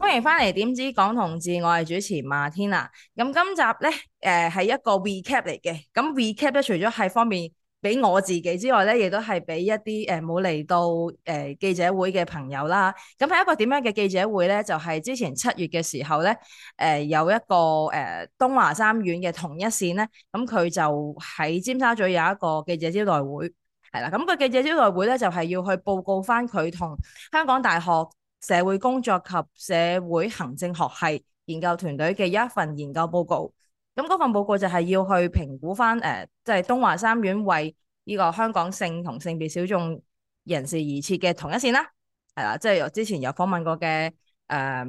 歡迎翻嚟《點知港同志》，我係主持馬天娜。咁今集咧，誒、呃、係一個 recap 嚟嘅。咁 recap 咧，除咗係方便，俾我自己之外咧，亦都係俾一啲誒冇嚟到誒、呃、記者會嘅朋友啦。咁係一個點樣嘅記者會咧？就係、是、之前七月嘅時候咧，誒、呃、有一個誒、呃、東華三院嘅同一線咧，咁佢就喺尖沙咀有一個記者招待會，係啦。咁、那、佢、個、記者招待會咧，就係、是、要去報告翻佢同香港大學社會工作及社會行政學系研究團隊嘅一份研究報告。咁嗰份報告就係要去評估翻誒，即、呃、係、就是、東華三院為呢個香港性同性別小眾人士而設嘅同一線啦、啊，係啦，即係我之前有訪問過嘅誒、呃，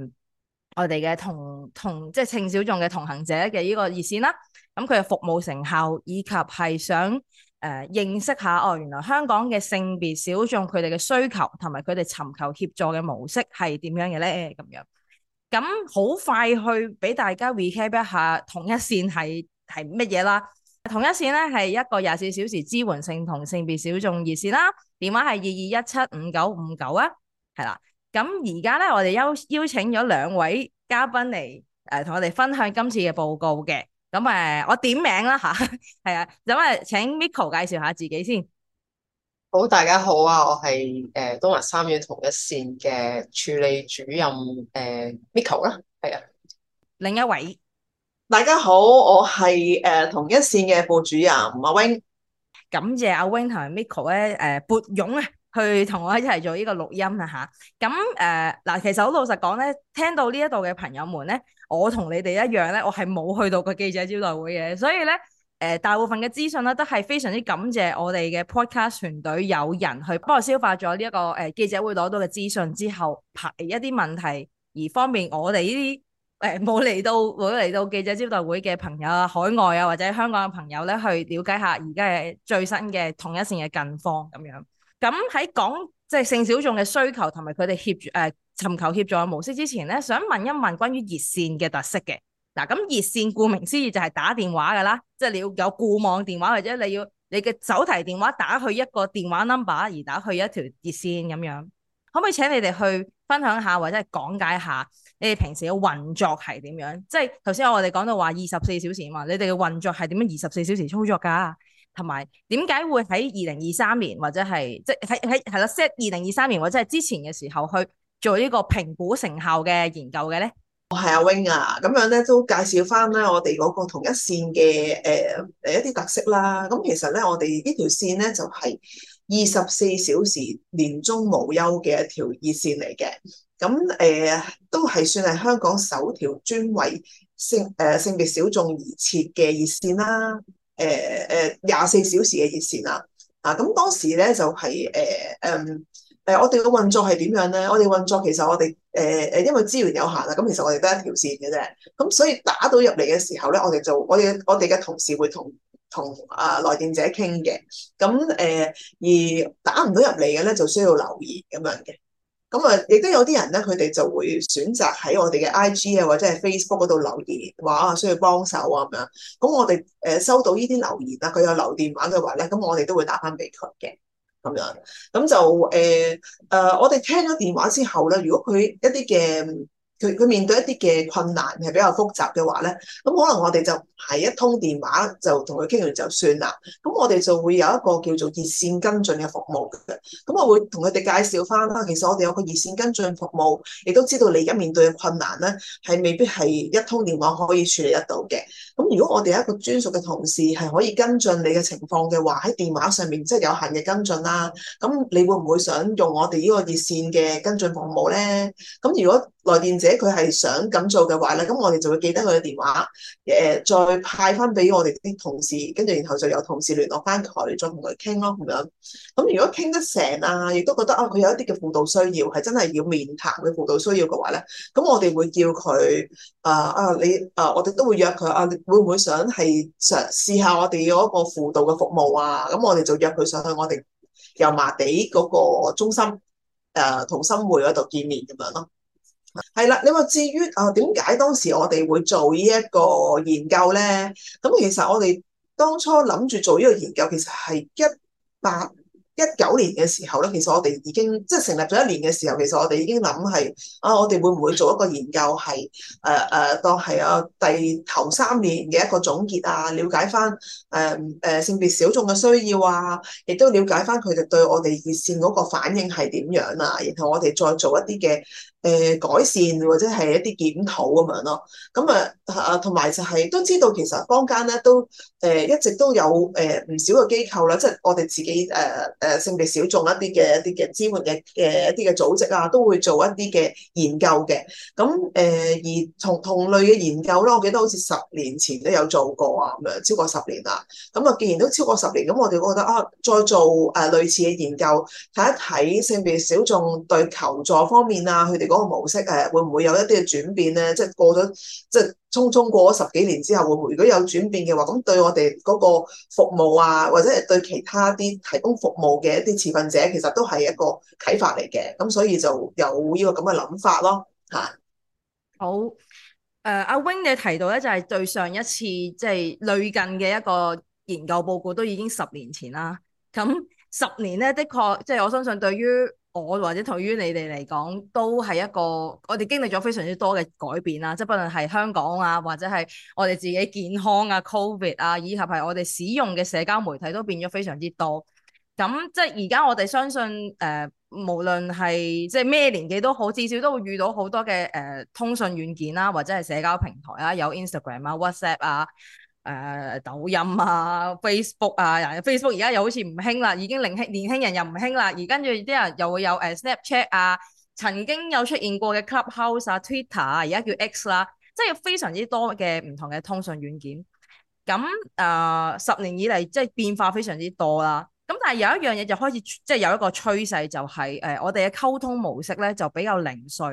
我哋嘅同同即係性小眾嘅同行者嘅呢個熱線啦。咁佢嘅服務成效以及係想誒、呃、認識下哦，原來香港嘅性別小眾佢哋嘅需求同埋佢哋尋求協助嘅模式係點樣嘅咧？咁樣。咁好快去俾大家 recap 一下，同一線係係乜嘢啦？同一線咧係一個廿四小時支援性同性別小眾熱線啦，電話係二二一七五九五九啊，係啦。咁而家咧，我哋邀邀請咗兩位嘉賓嚟誒同我哋分享今次嘅報告嘅，咁誒、呃、我點名啦吓，係 啊，咁啊請 Meko 介紹下自己先。好，大家好啊！我係誒東華三院同一線嘅處理主任誒 Meko 啦，係啊，另一位。大家好，我係誒同一線嘅副主任阿 Wing。感謝阿 Wing 同埋 Meko 咧，誒撥勇啊，去同我一齊做呢個錄音啊吓。咁誒嗱，其實好老實講咧，聽到呢一度嘅朋友們咧，我同你哋一樣咧，我係冇去到個記者招待會嘅，所以咧。誒、呃、大部分嘅資訊咧，都係非常之感謝我哋嘅 Podcast 團隊有人去幫我消化咗呢一個誒、呃、記者會攞到嘅資訊之後，排一啲問題，而方便我哋呢啲誒冇嚟到冇嚟到記者招待會嘅朋友啊，海外啊或者香港嘅朋友咧，去了解下而家嘅最新嘅同一線嘅近況咁樣。咁喺講即係性小眾嘅需求同埋佢哋協助誒、呃、尋求協助嘅模式之前咧，想問一問關於熱線嘅特色嘅。嗱，咁熱線顧名思義就係打電話噶啦，即係你要有固網電話或者你要你嘅手提電話打去一個電話 number 而打去一條熱線咁樣，可唔可以請你哋去分享下或者係講解下你哋平時嘅運作係點樣？即係頭先我哋講到話二十四小時嘛，你哋嘅運作係點樣二十四小時操作噶？同埋點解會喺二零二三年或者係即係喺喺係啦 set 二零二三年或者係之前嘅時候去做呢個評估成效嘅研究嘅咧？我係阿 Wing 啊，咁樣咧都介紹翻咧我哋嗰個同一線嘅誒誒一啲特色啦。咁、嗯、其實咧我哋呢條線咧就係二十四小時年中無休嘅一條熱線嚟嘅。咁、嗯、誒、呃、都係算係香港首條專為性誒、呃、性別小眾而設嘅熱線啦。誒誒廿四小時嘅熱線啦。啊咁、嗯、當時咧就係、是、誒、呃、嗯。誒，我哋嘅運作係點樣咧？我哋運作，其實我哋誒誒，因為資源有限啊，咁其實我哋得一條線嘅啫。咁所以打到入嚟嘅時候咧，我哋就我哋我哋嘅同事會同同啊來電者傾嘅。咁誒、呃、而打唔到入嚟嘅咧，就需要留言咁樣嘅。咁啊，亦都有啲人咧，佢哋就會選擇喺我哋嘅 I G 啊或者係 Facebook 嗰度留言，話啊需要幫手啊咁樣。咁我哋誒收到呢啲留言啊，佢有留電話嘅話咧，咁我哋都會打翻俾佢嘅。咁樣，咁就誒誒、呃呃，我哋聽咗電話之後咧，如果佢一啲嘅。佢佢面對一啲嘅困難係比較複雜嘅話咧，咁可能我哋就係一通電話就同佢傾完就算啦。咁我哋就會有一個叫做熱線跟進嘅服務嘅。咁我會同佢哋介紹翻啦。其實我哋有個熱線跟進服務，亦都知道你而家面對嘅困難咧，係未必係一通電話可以處理得到嘅。咁如果我哋有一個專屬嘅同事係可以跟進你嘅情況嘅話，喺電話上面即係有限嘅跟進啦。咁你會唔會想用我哋呢個熱線嘅跟進服務咧？咁如果來電者誒佢係想咁做嘅話咧，咁我哋就會記得佢嘅電話，誒、呃、再派翻俾我哋啲同事，跟住然後就有同事聯絡翻佢，再同佢傾咯咁樣。咁如果傾得成啊，亦都覺得啊，佢有一啲嘅輔導需要，係真係要面談嘅輔導需要嘅話咧，咁我哋會叫佢啊啊你啊、呃，我哋都會約佢啊，你會唔會想係嘗試下我哋嗰個輔導嘅服務啊？咁我哋就約佢上去我哋油麻地嗰個中心誒同心會嗰度見面咁樣咯。係啦，你話至於啊，點解當時我哋會做呢一個研究咧？咁其實我哋當初諗住做呢個研究，其實係一八一九年嘅時候咧。其實我哋已經即係成立咗一年嘅時候，其實我哋已經諗係啊，我哋會唔會做一個研究係誒誒，當係啊第頭三年嘅一個總結啊，了解翻誒誒性別小眾嘅需要啊，亦都了解翻佢哋對我哋熱線嗰個反應係點樣啊，然後我哋再做一啲嘅。誒改善或者係一啲檢討咁樣咯，咁啊啊同埋就係、是、都知道其實坊間咧都誒、呃、一直都有誒唔、呃、少嘅機構啦，即係我哋自己誒誒、呃呃、性別小眾一啲嘅一啲嘅支援嘅嘅一啲嘅組織啊，都會做一啲嘅研究嘅。咁誒、呃、而同同類嘅研究咧，我記得好似十年前都有做過啊，咁樣超過十年啦。咁啊，既然都超過十年，咁我哋覺得啊，再做誒類似嘅研究，睇一睇性別小眾對求助方面啊，佢哋。嗰個模式誒會唔會有一啲嘅轉變咧？即係過咗，即係匆匆過咗十幾年之後，會唔會如果有轉變嘅話，咁對我哋嗰個服務啊，或者係對其他啲提供服務嘅一啲持份者，其實都係一個啟發嚟嘅。咁所以就有呢個咁嘅諗法咯，嚇。好，誒、啊，阿 Wing 你提到咧，就係對上一次即係類近嘅一個研究報告，都已經十年前啦。咁十年咧，的確即係我相信對於。我或者對於你哋嚟講，都係一個我哋經歷咗非常之多嘅改變啦。即係，不論係香港啊，或者係我哋自己健康啊、COVID 啊，以及係我哋使用嘅社交媒體都變咗非常之多。咁即係而家我哋相信誒、呃，無論係即係咩年紀都好，至少都會遇到好多嘅誒、呃、通訊軟件啦、啊，或者係社交平台啊，有 Instagram 啊、WhatsApp 啊。誒、呃、抖音啊、Facebook 啊，Facebook 而家又好似唔興啦，已經年輕年輕人又唔興啦，而跟住啲人又會有誒 Snapchat 啊，曾經有出現過嘅 Clubhouse 啊、Twitter 啊，而家叫 X 啦，即係非常之多嘅唔同嘅通訊軟件。咁誒、呃、十年以嚟，即係變化非常之多啦。咁但係有一樣嘢就開始即係有一個趨勢，就是，就係誒我哋嘅溝通模式咧就比較零碎。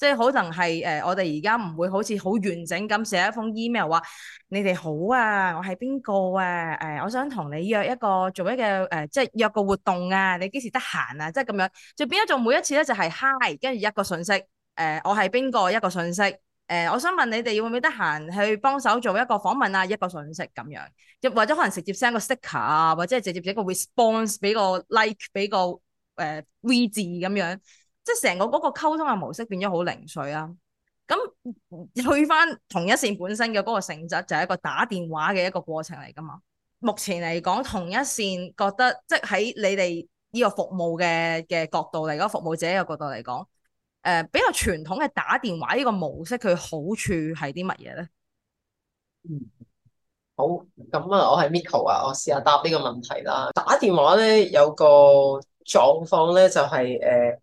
即係可能係誒、呃，我哋而家唔會好似好完整咁寫一封 email 話你哋好啊，我係邊個啊？誒、呃，我想同你約一個做一個誒、呃，即係約個活動啊，你幾時得閒啊？即係咁樣，就變咗做每一次咧就係 hi，跟住一個信息誒、呃，我係邊個一個信息誒、呃，我想問你哋會唔會得閒去幫手做一個訪問啊？一個信息咁樣，又或者可能直接 send 個 sticker 啊，或者係直接寫個 response 俾個 like，俾個誒、呃、V 字咁樣。即係成個嗰個溝通嘅模式變咗好零碎啊。咁去翻同一線本身嘅嗰個性質，就係、是、一個打電話嘅一個過程嚟噶嘛。目前嚟講，同一線覺得即係喺你哋呢個服務嘅嘅角度嚟講，嗰個服務者嘅角度嚟講，誒、呃、比較傳統嘅打、嗯、打電話呢個模式，佢好處係啲乜嘢咧？嗯，好咁啊！我係 Miko 啊，我試下答呢個問題啦。打電話咧有個狀況咧就係、是、誒。呃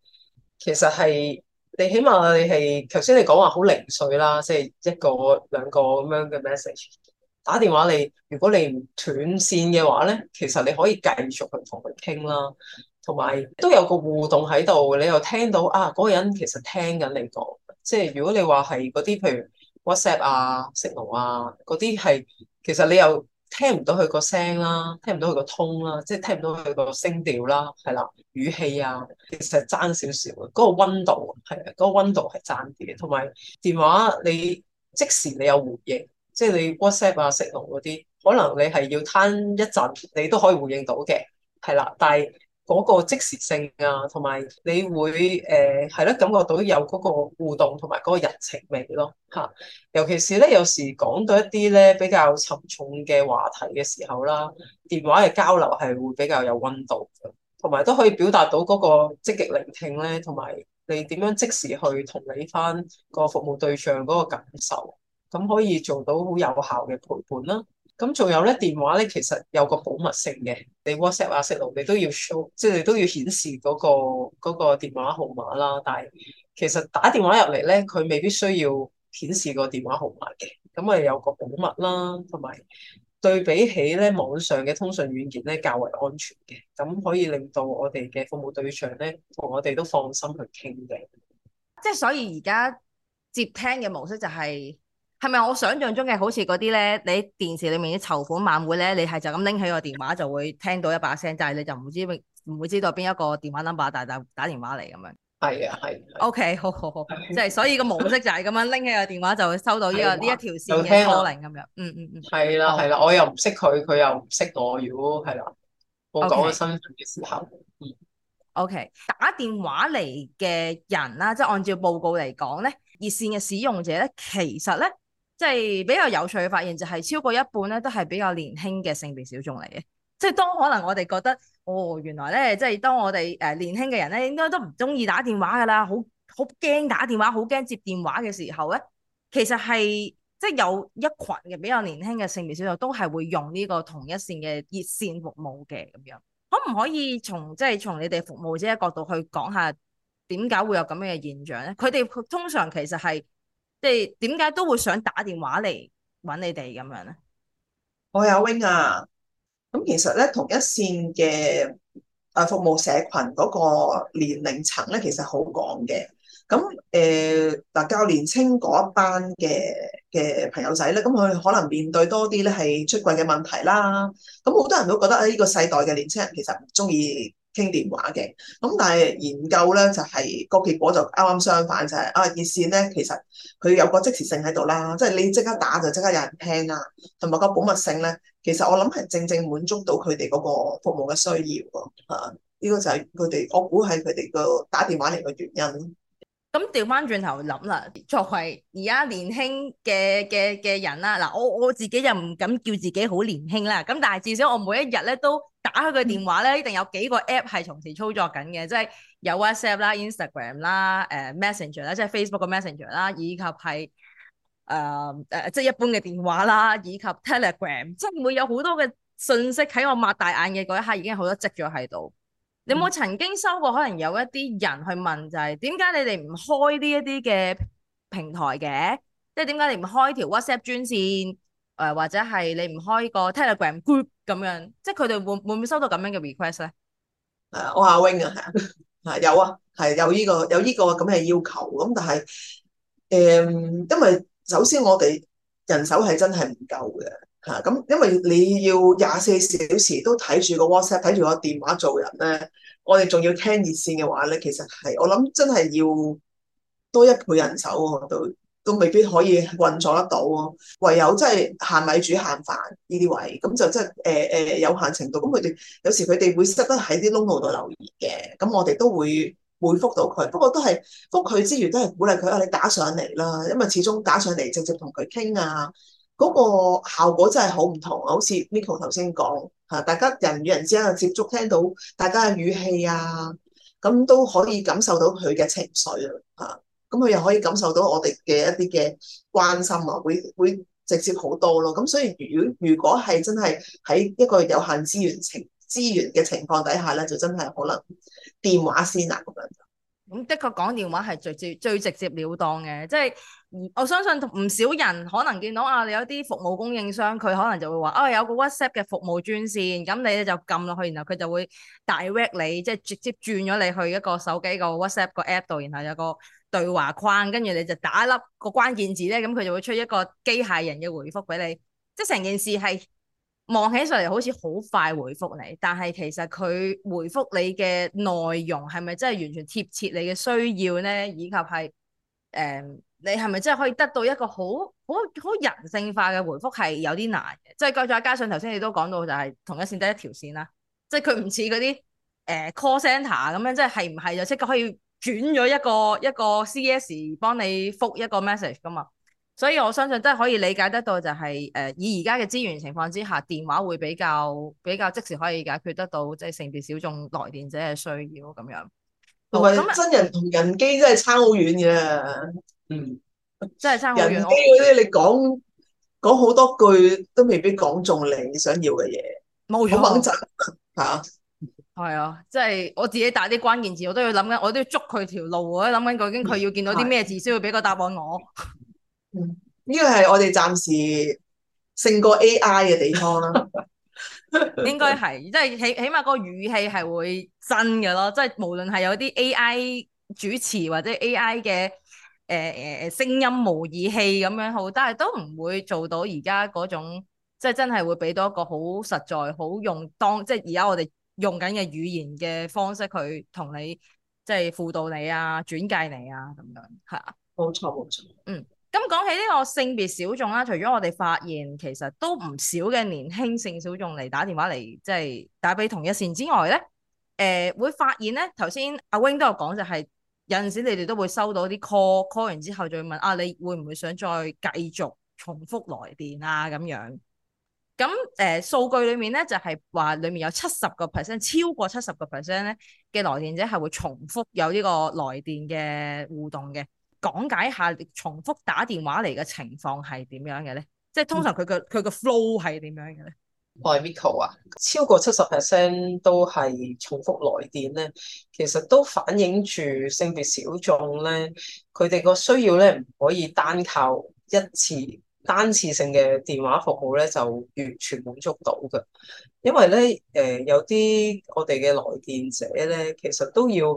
其實係你起碼你係，頭先你講話好零碎啦，即係一個兩個咁樣嘅 message。打電話你如果你唔斷線嘅話咧，其實你可以繼續去同佢傾啦，同埋都有個互動喺度，你又聽到啊嗰個人其實聽緊你講。即係如果你話係嗰啲，譬如 WhatsApp 啊、Signal 啊嗰啲係，其實你又。聽唔到佢個聲啦，聽唔到佢個通啦，即係聽唔到佢個聲調啦，係啦，語氣啊，其實爭少少嘅，嗰個溫度係啊，嗰個溫度係爭啲嘅，同埋電話你即時你有回應，即係你 WhatsApp 啊、Telegram 嗰啲，可能你係要攤一陣，你都可以回應到嘅，係啦，但係。嗰個即時性啊，同埋你會誒係咯，感覺到有嗰個互動同埋嗰個人情味咯，嚇、啊！尤其是咧，有時講到一啲咧比較沉重嘅話題嘅時候啦，電話嘅交流係會比較有溫度嘅，同埋都可以表達到嗰個積極聆聽咧，同埋你點樣即時去同理翻個服務對象嗰個感受，咁可以做到好有效嘅陪伴啦。咁仲有咧，電話咧其實有個保密性嘅，你 WhatsApp 啊、Telegram 你都要 show，即係你都要顯示嗰個嗰個電話號碼啦。但係其實打電話入嚟咧，佢未必需要顯示個電話號碼嘅，咁啊有個保密啦，同埋對比起咧網上嘅通訊軟件咧較為安全嘅，咁可以令到我哋嘅服務對象咧同我哋都放心去傾嘅。即係所以而家接聽嘅模式就係。係咪我想象中嘅好似嗰啲咧？你電視裏面啲籌款晚會咧，你係就咁拎起個電話就會聽到一把聲，但係你就唔會知唔會知道邊一個電話 number，但係打打電話嚟咁樣。係啊係。OK，好好好，即係的所以個模式就係咁樣，拎 起個電話就會收到呢、這個呢的一條線嘅 call 咁樣。嗯嗯的嗯。係啦係啦，我又唔識佢，佢又唔識我，如果係啦，Okay. 我講我身份嘅時候。O Okay. K、okay. 打電話嚟嘅人啦，即、就、係、是、按照報告嚟講咧，熱線嘅使用者咧，其實咧。即係比較有趣嘅發現，就係超過一半咧都係比較年輕嘅性別小眾嚟嘅。即係當可能我哋覺得，哦原來咧，即係當我哋誒年輕嘅人咧，應該都唔中意打電話噶啦，好好驚打電話，好驚接電話嘅時候咧，其實係即係有一群嘅比較年輕嘅性別小眾都係會用呢個同一線嘅熱線服務嘅咁樣。可唔可以從即係從你哋服務者嘅角度去講下點解會有咁樣嘅現象咧？佢哋通常其實係。即係點解都會想打電話嚟搵你哋咁樣咧？我係阿 Wing 啊，咁其實咧，同一線嘅誒服務社群嗰個年齡層咧，其實好廣嘅。咁誒嗱，較、呃、年青嗰一班嘅嘅朋友仔咧，咁佢可能面對多啲咧係出櫃嘅問題啦。咁好多人都覺得誒呢、啊這個世代嘅年青人其實唔中意。傾電話嘅，咁但係研究咧就係個結果就啱啱相反，就係啊熱線咧其實佢有個即時性喺度啦，即係你即刻打就即刻有人聽啦，同埋個保密性咧，其實我諗係正正滿足到佢哋嗰個服務嘅需要喎，嚇，呢個就係佢哋，我估係佢哋個打電話嚟嘅原因。咁調翻轉頭諗啦，作為而家年輕嘅嘅嘅人啦，嗱我我自己又唔敢叫自己好年輕啦。咁但係至少我每一日咧都打開個電話咧，一定有幾個 app 係同時操作緊嘅，即係有 WhatsApp 啦、啊、Instagram 啦、誒 Messenger 啦，即係 Facebook 嘅 Messenger 啦，以及係誒誒即係一般嘅電話啦，以及 Telegram，即係會有好多嘅信息喺我擘大眼嘅嗰一刻已經好多積咗喺度。你有冇曾經收過可能有一啲人去問，就係點解你哋唔開呢一啲嘅平台嘅？即係點解你唔開條 WhatsApp 專線？誒或者係你唔開個 Telegram group 咁樣，即係佢哋會會唔會收到咁樣嘅 request 咧？啊，我阿 Wing 啊，啊有啊，係有呢個有呢個咁嘅要求咁，但係誒，因為首先我哋人手係真係唔夠嘅。嚇！咁、啊、因為你要廿四小時都睇住個 WhatsApp，睇住個電話做人咧，我哋仲要聽熱線嘅話咧，其實係我諗真係要多一倍人手我、啊、喎，都都未必可以運作得到喎、啊。唯有真係限米煮限飯呢啲位，咁就真係誒誒有限程度。咁佢哋有時佢哋會識得喺啲窿路度留意嘅，咁、嗯、我哋都會，會回覆到佢。不過都係覆佢之餘，都係鼓勵佢啊！你打上嚟啦，因為始終打上嚟直接同佢傾啊。嗰個效果真係好唔同啊！好似 Meko 頭先講嚇，大家人與人之間嘅接觸，聽到大家嘅語氣啊，咁都可以感受到佢嘅情緒啊，嚇，咁佢又可以感受到我哋嘅一啲嘅關心啊，會會直接好多咯。咁所以如果如果係真係喺一個有限資源情資源嘅情況底下咧，就真係可能電話先啊咁樣。咁的確講電話係最直接，最直接了當嘅，即係。我相信唔少人可能見到啊，你有啲服務供應商佢可能就會話，哦，有個 WhatsApp 嘅服務專線，咁你咧就撳落去，然後佢就會 direct 你，即係直接轉咗你去一個手機個 WhatsApp 個 app 度，然後有個對話框，跟住你就打一粒個關鍵字咧，咁佢就會出一個機械人嘅回復俾你，即係成件事係望起上嚟，好似好快回復你，但係其實佢回復你嘅內容係咪真係完全貼切你嘅需要咧，以及係誒。嗯你係咪真係可以得到一個好好好人性化嘅回覆的的？係有啲難嘅，即係再再加上頭先你都講到就係同一線得一條線啦，即係佢唔似嗰啲誒 call center 咁樣，即係係唔係就即、是、刻可以轉咗一個一個 CS 幫你覆一個 message 噶嘛？所以我相信真係可以理解得到、就是，就係誒以而家嘅資源情況之下，電話會比較比較即時可以解決得到，即係性別小眾來電者嘅需要咁樣。同埋有、嗯、真人同人機真係差好遠嘅。嗯，真係差好遠。人機嗰啲，我你講講好多句都未必講中你想要嘅嘢，好掹窒吓。係啊，即係、 啊就是、我自己打啲關鍵字，我都要諗緊，我都要捉佢條路。我諗緊究竟佢要見到啲咩字，先會俾個答案我。嗯， 呢個係我哋暫時勝過 A I 嘅地方啦。應該係，即係起起碼個語氣係會真嘅咯。即、就、係、是、無論係有啲 A I 主持或者 A I 嘅。誒誒誒，聲音模擬器咁樣好，但係都唔會做到而家嗰種，即係真係會俾到一個好實在、好用當，即係而家我哋用緊嘅語言嘅方式，佢同你即係輔導你啊、轉介你啊咁樣，係、嗯、啊，冇錯冇錯，嗯。咁講起呢個性別小眾啦，除咗我哋發現其實都唔少嘅年輕性小眾嚟打電話嚟，即、就、係、是、打俾同一線之外咧，誒、呃，會發現咧，頭先阿 Wing 都有講、就是，就係。有陣時你哋都會收到啲 call，call 完之後就會問啊，你會唔會想再繼續重複來電啊咁樣？咁誒、呃、數據裏面咧就係話，裏面有七十個 percent，超過七十個 percent 咧嘅來電者係會重複有呢個來電嘅互動嘅。講解下重複打電話嚟嘅情況係點樣嘅咧？即係通常佢嘅佢嘅 flow 係點樣嘅咧？我係 Meko 啊，超過七十 percent 都係重複來電咧，其實都反映住性別小眾咧，佢哋個需要咧唔可以單靠一次單次性嘅電話服務咧就完全滿足到嘅，因為咧誒有啲我哋嘅來電者咧，其實都要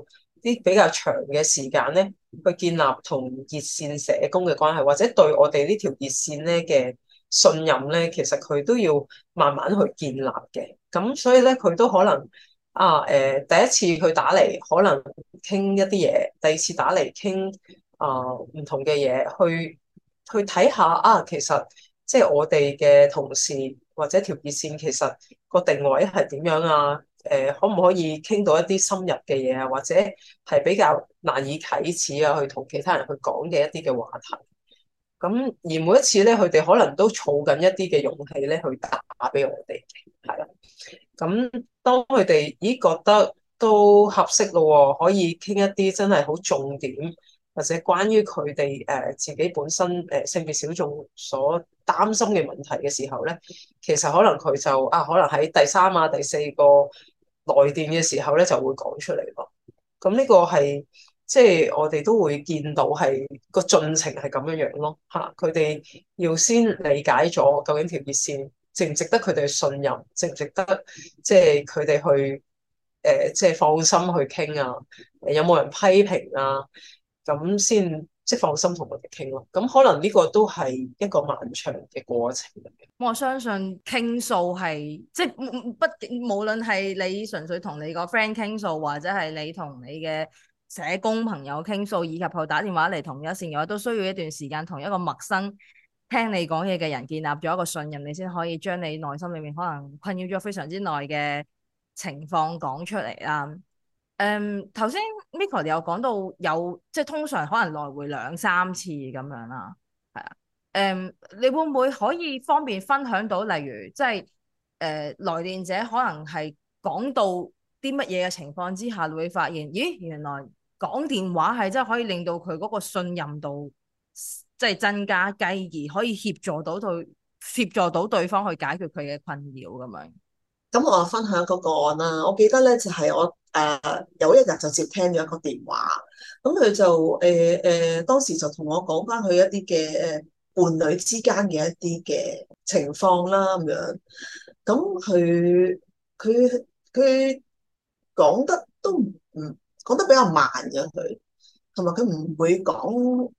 啲比較長嘅時間咧去建立同熱線社工嘅關係，或者對我哋呢條熱線咧嘅。信任咧，其實佢都要慢慢去建立嘅。咁所以咧，佢都可能啊，誒、呃，第一次去打嚟可能傾一啲嘢，第二次打嚟傾啊唔同嘅嘢，去去睇下啊，其實即係我哋嘅同事或者條熱線，其實個定位係點樣啊？誒、呃，可唔可以傾到一啲深入嘅嘢啊？或者係比較難以啟齒啊，去同其他人去講嘅一啲嘅話題。咁而每一次咧，佢哋可能都儲緊一啲嘅勇氣咧，去打俾我哋。係，咁當佢哋已經覺得都合適咯，可以傾一啲真係好重點，或者關於佢哋誒自己本身誒性別小眾所擔心嘅問題嘅時候咧，其實可能佢就啊，可能喺第三啊第四個來電嘅時候咧，就會講出嚟咯。咁呢個係。即係我哋都會見到係個進程係咁樣樣咯嚇，佢哋要先理解咗究竟條熱線值唔值得佢哋信任，值唔值得即係佢哋去誒、呃、即係放心去傾啊？有冇人批評啊？咁先即係放心同佢哋傾咯。咁可能呢個都係一個漫長嘅過程。我相信傾訴係即係畢竟，無論係你純粹同你個 friend 傾訴，或者係你同你嘅。社工朋友傾訴，以及佢打電話嚟同一線嘅話，都需要一段時間同一個陌生聽你講嘢嘅人建立咗一個信任，你先可以將你內心裡面可能困擾咗非常之耐嘅情況講出嚟啦。誒、嗯，頭先 Meko 有講到有，即係通常可能來回兩三次咁樣啦，係啊。誒、嗯，你會唔會可以方便分享到，例如即係誒、呃、來電者可能係講到啲乜嘢嘅情況之下，會發現咦原來？講電話係真係可以令到佢嗰個信任度即係增加，繼而可以協助到對協助到對方去解決佢嘅困擾咁樣。咁我分享嗰個案啦，我記得咧就係我誒有一日就接聽咗一個電話，咁佢就誒誒、呃呃、當時就同我講翻佢一啲嘅誒伴侶之間嘅一啲嘅情況啦咁樣，咁佢佢佢講得都唔。講得比較慢嘅佢，同埋佢唔會講，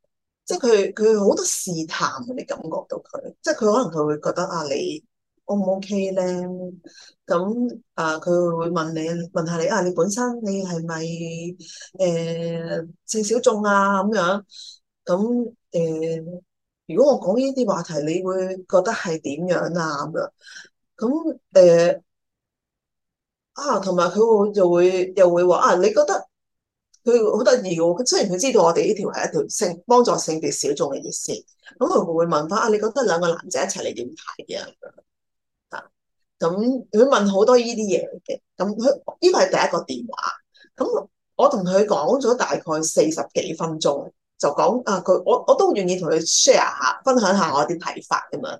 即係佢佢好多試探，你感覺到佢，即係佢可能佢會覺得啊，你 O 唔 O K 咧？咁啊，佢會問你問下你啊，你本身你係咪誒性小眾啊咁樣？咁、啊、誒，如果我講呢啲話題，你會覺得係點樣啊咁樣？咁誒啊，同埋佢會又會又會話啊，你覺得？佢好得意嘅，雖然佢知道我哋呢條係一條性幫助性別小眾嘅熱線，咁佢會問翻啊，你覺得兩個男仔一齊嚟點睇嘅？啊，咁佢問好多呢啲嘢嘅，咁佢呢個係第一個電話，咁我同佢講咗大概四十幾分鐘，就講啊，佢我我都願意同佢 share 下，分享下我啲睇法噶嘛。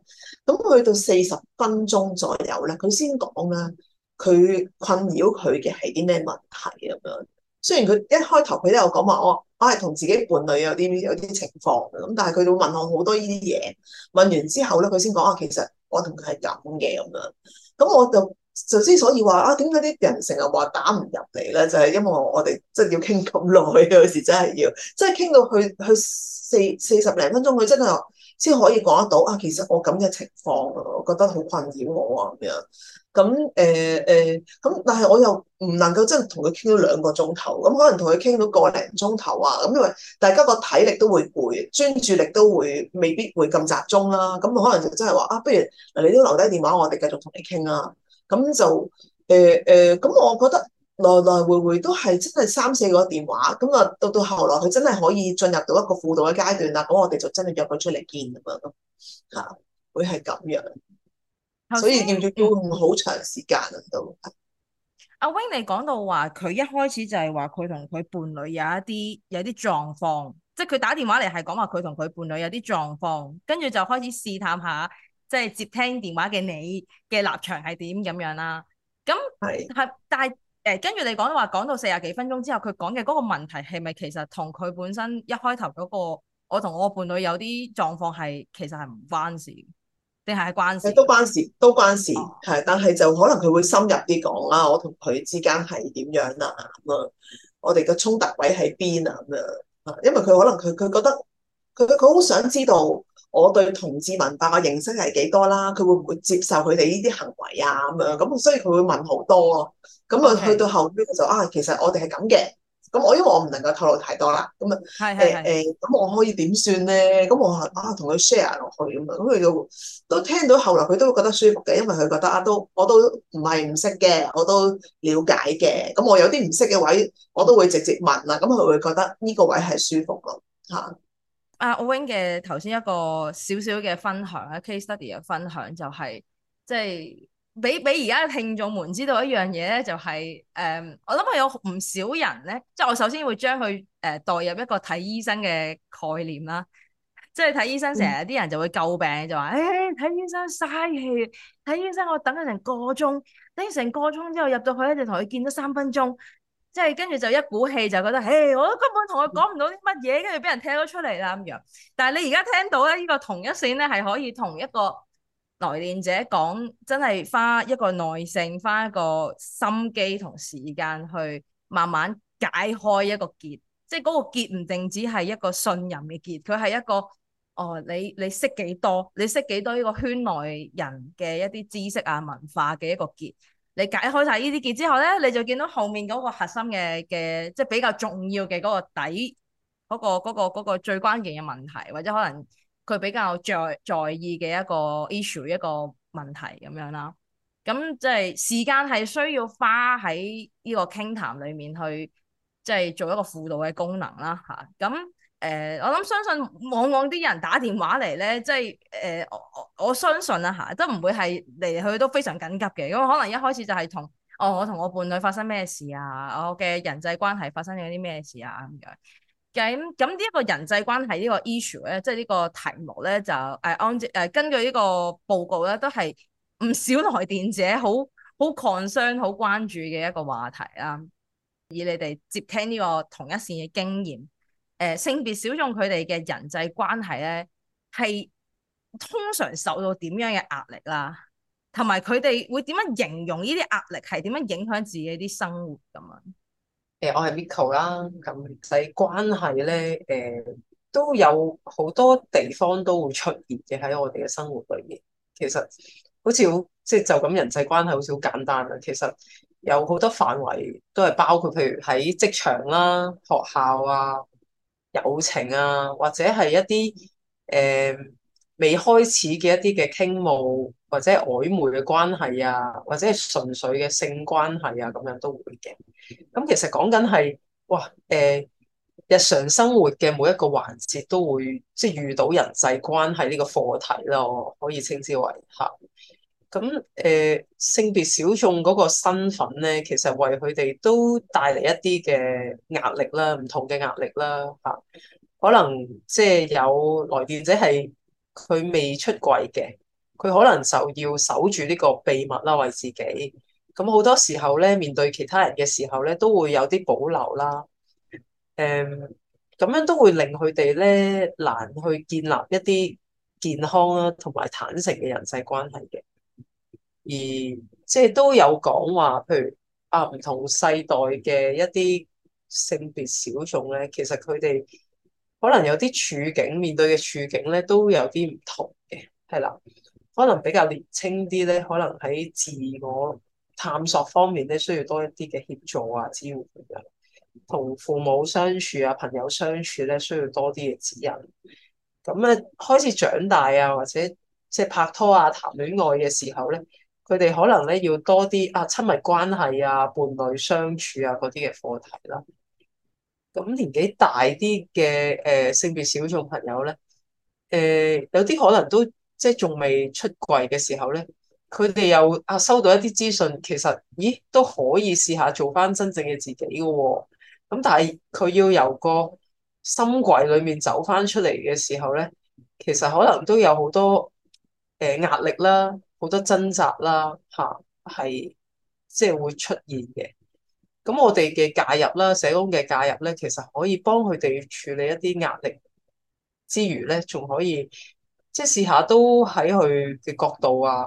咁去到四十分鐘左右咧，佢先講啦，佢困擾佢嘅係啲咩問題咁樣？雖然佢一開頭佢都有講話，我說說我係同自己伴侶有啲有啲情況咁，但係佢會問我好多呢啲嘢，問完之後咧佢先講啊，其實我同佢係咁嘅咁樣。咁我就就之所以話啊，點解啲人成日話打唔入嚟咧？就係、是、因為我哋即係要傾咁耐，有時真係要，真係傾到去佢四四十零分鐘，佢真係。先可以講得到啊，其實我咁嘅情況，我覺得好困擾我啊咁樣。咁誒誒，咁、呃呃、但係我又唔能夠真係同佢傾咗兩個鐘頭，咁可能同佢傾到個零鐘頭啊。咁因為大家個體力都會攰，專注力都會未必會咁集中啦、啊。咁可能就真係話啊，不如嗱，你都留低電話，我哋繼續同你傾啦、啊。咁就誒誒，咁、呃呃、我覺得。來來回回都係真係三四個電話，咁啊，到到後來佢真係可以進入到一個輔導嘅階段啦。咁我哋就真係約佢出嚟見咁樣咯，吓、啊、會係咁樣，像所以要唔要用好長時間啊？都阿 Wing 你講到話，佢一開始就係話佢同佢伴侶有一啲有啲狀況，即係佢打電話嚟係講話佢同佢伴侶有啲狀況，跟住就開始試探下，即係接聽電話嘅你嘅立場係點咁樣啦。咁係係但係。誒，跟住你講話，講到四十幾分鐘之後，佢講嘅嗰個問題係咪其實同佢本身一開頭嗰、嗰個我同我個伴侶有啲狀況係，其實係唔關事，定係關事？都關事，都關事，係、oh。但係就可能佢會深入啲講啦，我同佢之間係點樣啊？我哋嘅衝突位喺邊啊？咁樣因為佢可能佢佢覺得佢佢好想知道。我對同志文化嘅認識係幾多啦？佢會唔會接受佢哋呢啲行為啊？咁樣咁，所以佢會問好多咯。咁啊，去到後邊就啊，其實我哋係咁嘅。咁我因為我唔能夠透露太多啦。咁啊，誒誒，咁、欸欸、我可以點算咧？咁我啊，同佢 share 落去咁啊，咁佢就都聽到後來，佢都會覺得舒服嘅，因為佢覺得啊，都我都唔係唔識嘅，我都了解嘅。咁我有啲唔識嘅位，我都會直接問啦。咁佢會覺得呢個位係舒服咯，嚇。阿、uh, Wing 嘅頭先一個少少嘅分享喺 case study 嘅分享就係、是，即係俾俾而家嘅聽眾們知道一樣嘢咧，就係、是、誒、嗯，我諗係有唔少人咧，即係我首先會將佢誒、呃、代入一個睇醫生嘅概念啦，即係睇醫生成日啲人就會詬病就話，誒、哎、睇醫生嘥氣，睇醫生我等咗成個鐘，等成個鐘之後入到去咧就同佢見咗三分鐘。即係跟住就一股氣就覺得，唉，我都根本同佢講唔到啲乜嘢，跟住俾人踢咗出嚟啦咁樣。但係你而家聽到咧，呢個同一線咧係可以同一個來電者講，真係花一個耐性，花一個心機同時間去慢慢解開一個結。即係嗰個結唔定只係一個信任嘅結，佢係一個哦，你你識幾多，你識幾多呢個圈內人嘅一啲知識啊、文化嘅一個結。你解開晒呢啲結之後咧，你就見到後面嗰個核心嘅嘅，即係比較重要嘅嗰個底，嗰個嗰個嗰個最關鍵嘅問題，或者可能佢比較在在意嘅一個 issue 一個問題咁樣啦。咁即係時間係需要花喺呢個傾談裡面去，即係做一個輔導嘅功能啦嚇。咁、啊。誒、呃，我諗相信往往啲人打電話嚟咧，即係誒、呃，我我我相信啦嚇、啊，都唔會係嚟嚟去去都非常緊急嘅，因為可能一開始就係同哦，我同我伴侶發生咩事啊，我嘅人際關係發生咗啲咩事啊咁樣。咁咁呢一個人際關係呢個 issue 咧，即係呢個題目咧，就誒按照誒根據呢個報告咧，都係唔少來電者好好 concern 好關注嘅一個話題啦。以你哋接聽呢個同一線嘅經驗。誒性別小眾佢哋嘅人際關係咧，係通常受到點樣嘅壓力啦，同埋佢哋會點樣形容呢啲壓力係點樣影響自己啲生活咁樣？誒、呃，我係 Meko 啦。咁人際關係咧，誒、呃、都有好多地方都會出現嘅喺我哋嘅生活裏面。其實好似好，即係就咁、是、人際關係，好似好簡單啊。其實有好多範圍都係包括，譬如喺職場啦、學校啊。友情啊，或者係一啲誒、呃、未開始嘅一啲嘅傾慕，或者係曖昧嘅關係啊，或者係純粹嘅性關係啊，咁樣都會嘅。咁其實講緊係哇，誒、呃、日常生活嘅每一個環節都會即係遇到人際關係呢個課題咯，可以稱之為吓。咁誒、呃、性別小眾嗰個身份咧，其實為佢哋都帶嚟一啲嘅壓力啦，唔同嘅壓力啦，吓。可能即係有來電者係佢未出軌櫃嘅，佢可能就要守住呢個秘密啦，為自己。咁好多時候咧，面對其他人嘅時候咧，都會有啲保留啦。誒、呃，咁樣都會令佢哋咧難去建立一啲健康啦同埋坦誠嘅人際關係嘅。而即係都有講話，譬如啊，唔同世代嘅一啲性別小眾咧，其實佢哋可能有啲處境面對嘅處境咧，都有啲唔同嘅，係啦。可能比較年輕啲咧，可能喺自我探索方面咧，需要多一啲嘅協助啊、支援啊，同父母相處啊、朋友相處咧，需要多啲嘅指引。咁咧，開始長大啊，或者即係拍拖啊、談戀愛嘅時候咧。佢哋可能咧，要多啲啊親密關係啊、伴侶相處啊嗰啲嘅課題啦。咁年紀大啲嘅誒性別小眾朋友咧，誒、呃、有啲可能都即係仲未出櫃嘅時候咧，佢哋又啊收到一啲資訊，其實咦都可以試下做翻真正嘅自己嘅喎、哦。咁但係佢要由個心櫃裡面走翻出嚟嘅時候咧，其實可能都有好多誒、呃、壓力啦。好多掙扎啦，吓，係即係會出現嘅。咁我哋嘅介入啦，社工嘅介入咧，其實可以幫佢哋處理一啲壓力之餘咧，仲可以即係、就是、試下都喺佢嘅角度啊，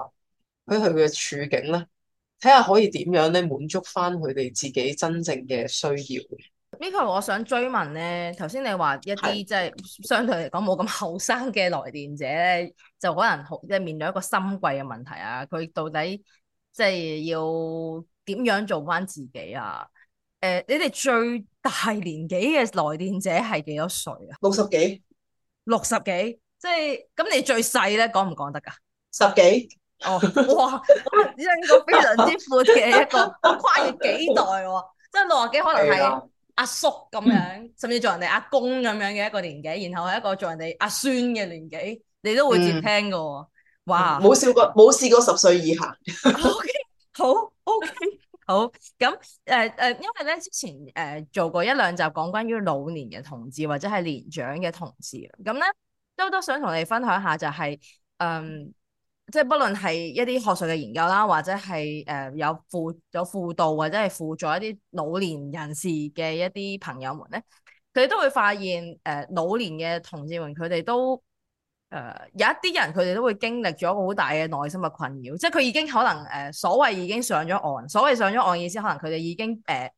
喺佢嘅處境咧，睇下可以點樣咧滿足翻佢哋自己真正嘅需要。呢個我想追問咧，頭先你話一啲即係相對嚟講冇咁後生嘅來電者咧，就可能即係面對一個深櫃嘅問題啊。佢到底即係、就是、要點樣做翻自己啊？誒、呃，你哋最大年紀嘅來電者係幾多歲啊？六十,六十幾，六十幾，即係咁。你最細咧講唔講得噶？十幾？哦，哇！只係一個非常之闊嘅一個跨越幾代喎、啊， 即係六十幾可能係的。嗯阿、啊、叔咁樣，甚至做人哋阿公咁樣嘅一個年紀，然後係一個做人哋阿孫嘅年紀，你都會接聽噶、哦。嗯、哇！冇試過，冇 試過十歲以下。O K，好 O K，好。咁誒誒，因為咧之前誒、呃、做過一兩集講關於老年嘅同志或者係年長嘅同志啦。咁咧都都想同你分享下、就是，就係嗯。即係，不論係一啲學術嘅研究啦，或者係誒有輔有輔導，或者係輔助一啲老年人士嘅一啲朋友們咧，佢哋都會發現誒、呃、老年嘅同志們佢哋都誒、呃、有一啲人佢哋都會經歷咗好大嘅內心嘅困擾，即係佢已經可能誒、呃、所謂已經上咗岸，所謂上咗岸意思可能佢哋已經誒，呃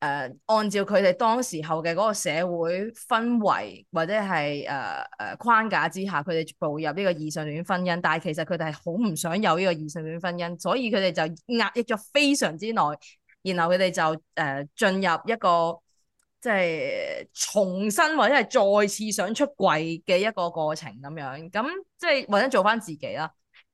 誒，uh, 按照佢哋當時候嘅嗰個社會氛圍或者係誒誒框架之下，佢哋步入呢個異性戀婚姻，但係其實佢哋係好唔想有呢個異性戀婚姻，所以佢哋就壓抑咗非常之耐，然後佢哋就誒、uh, 進入一個即係、就是、重新或者係再次想出櫃嘅一個過程咁樣，咁即係或者做翻自己啦。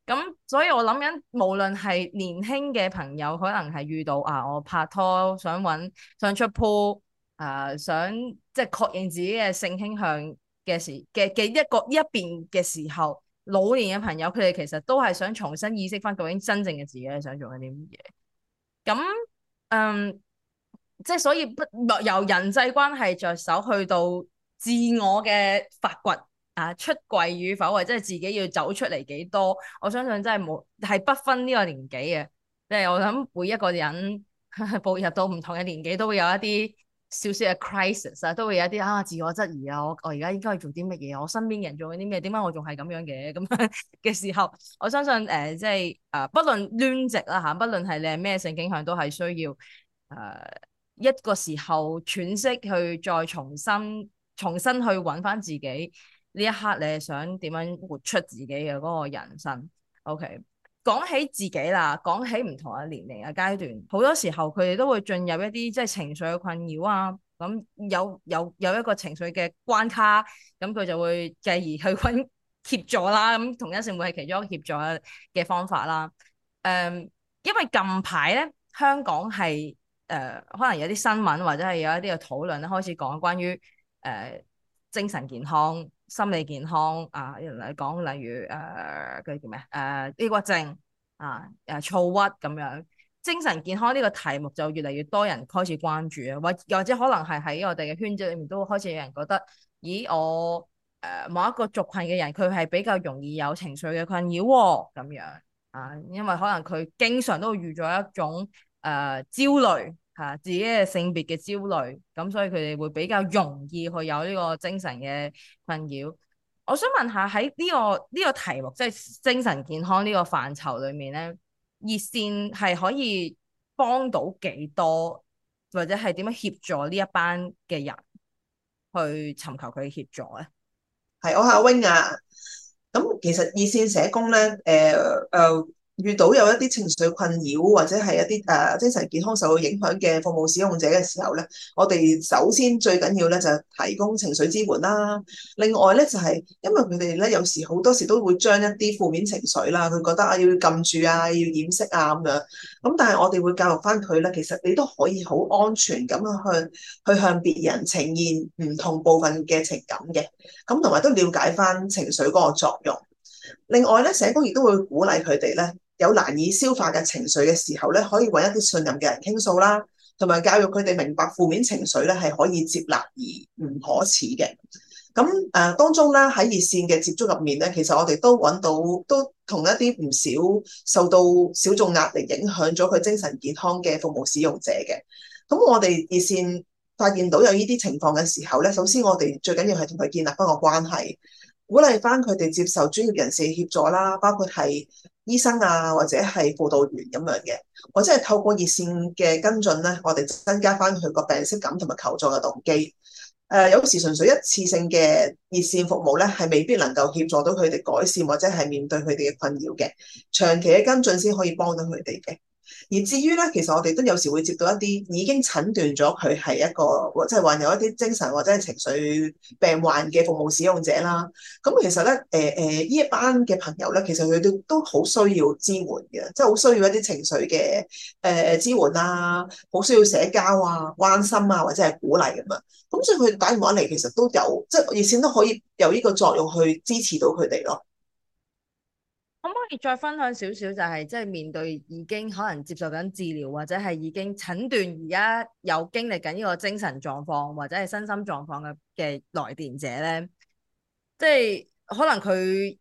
咁所以我諗緊，無論係年輕嘅朋友，可能係遇到啊，我拍拖想搵想出鋪，誒、呃、想即係確認自己嘅性傾向嘅時嘅嘅一個一邊嘅時候，老年嘅朋友佢哋其實都係想重新意識翻究竟真正嘅自己係想做緊啲乜嘢。咁嗯，即係所以不由人際關係着手去到自我嘅發掘。啊！出櫃與否，或者係自己要走出嚟幾多，我相信真係冇係不分呢個年紀嘅，即係我諗每一個人呵呵步入到唔同嘅年紀，都會有一啲少少嘅 crisis 啊，都會有一啲啊自我質疑啊。我我而家應該做啲乜嘢？我身邊嘅人做緊啲咩？點解我仲係咁樣嘅？咁 嘅時候，我相信誒、呃，即係啊、呃，不論攣直啦吓，不論係你係咩性傾向，都係需要誒、呃、一個時候喘息去再重新重新去搵翻自己。呢一刻你係想點樣活出自己嘅嗰個人生？OK，講起自己啦，講起唔同嘅年齡嘅階段，好多時候佢哋都會進入一啲即係情緒嘅困擾啊，咁、嗯、有有有一個情緒嘅關卡，咁、嗯、佢就會繼而去搵協助啦，咁、嗯、同一線會係其中一個協助嘅方法啦。誒、嗯，因為近排咧，香港係誒、呃、可能有啲新聞或者係有一啲嘅討論咧，開始講關於誒、呃、精神健康。心理健康啊，嚟講，例如誒嗰啲叫咩誒抑鬱症啊，誒、呃、躁鬱咁樣，精神健康呢個題目就越嚟越多人開始關注啊，或或者可能係喺我哋嘅圈子裏面都開始有人覺得，咦，我誒、呃、某一個族羣嘅人佢係比較容易有情緒嘅困擾咁、哦、樣啊，因為可能佢經常都遇咗一種誒、呃、焦慮。嚇，自己嘅性別嘅焦慮，咁所以佢哋會比較容易去有呢個精神嘅困擾。我想問下喺呢個呢個題目即係精神健康呢個範疇裏面咧，熱線係可以幫到幾多，或者係點樣協助呢一班嘅人去尋求佢嘅協助咧？係，我係阿 Wing 啊。咁其實熱線社工咧，誒、呃、誒。呃遇到有一啲情緒困擾，或者係一啲誒精神健康受到影響嘅服務使用者嘅時候咧，我哋首先最緊要咧就係提供情緒支援啦。另外咧就係因為佢哋咧有時好多時都會將一啲負面情緒啦，佢覺得啊要撳住啊，要掩飾啊咁樣。咁但係我哋會教育翻佢咧，其實你都可以好安全咁樣去去向別人呈現唔同部分嘅情感嘅。咁同埋都了解翻情緒嗰個作用。另外咧，社工亦都會鼓勵佢哋咧。有難以消化嘅情緒嘅時候咧，可以揾一啲信任嘅人傾訴啦，同埋教育佢哋明白負面情緒咧係可以接納而唔可恥嘅。咁誒、呃、當中咧喺熱線嘅接觸入面咧，其實我哋都揾到都同一啲唔少受到小眾壓力影響咗佢精神健康嘅服務使用者嘅。咁我哋熱線發現到有呢啲情況嘅時候咧，首先我哋最緊要係同佢建立翻個關係。鼓勵翻佢哋接受專業人士協助啦，包括係醫生啊，或者係輔導員咁樣嘅，或者係透過熱線嘅跟進咧，我哋增加翻佢個病識感同埋求助嘅動機。誒、呃、有時純粹一次性嘅熱線服務咧，係未必能夠協助到佢哋改善或者係面對佢哋嘅困擾嘅，長期嘅跟進先可以幫到佢哋嘅。而至於咧，其實我哋都有時會接到一啲已經診斷咗佢係一個即係患有一啲精神或者係情緒病患嘅服務使用者啦。咁其實咧，誒誒，呢一班嘅朋友咧，其實佢、呃、都都好需要支援嘅，即係好需要一啲情緒嘅誒支援啊，好需要社交啊、關心啊或者係鼓勵咁啊。咁、嗯、所以佢打電話嚟，其實都有即係熱線都可以有呢個作用去支持到佢哋咯。可唔可以再分享少少、就是，就係即係面對已經可能接受緊治療，或者係已經診斷而家有經歷緊呢個精神狀況，或者係身心狀況嘅嘅來電者咧，即係可能佢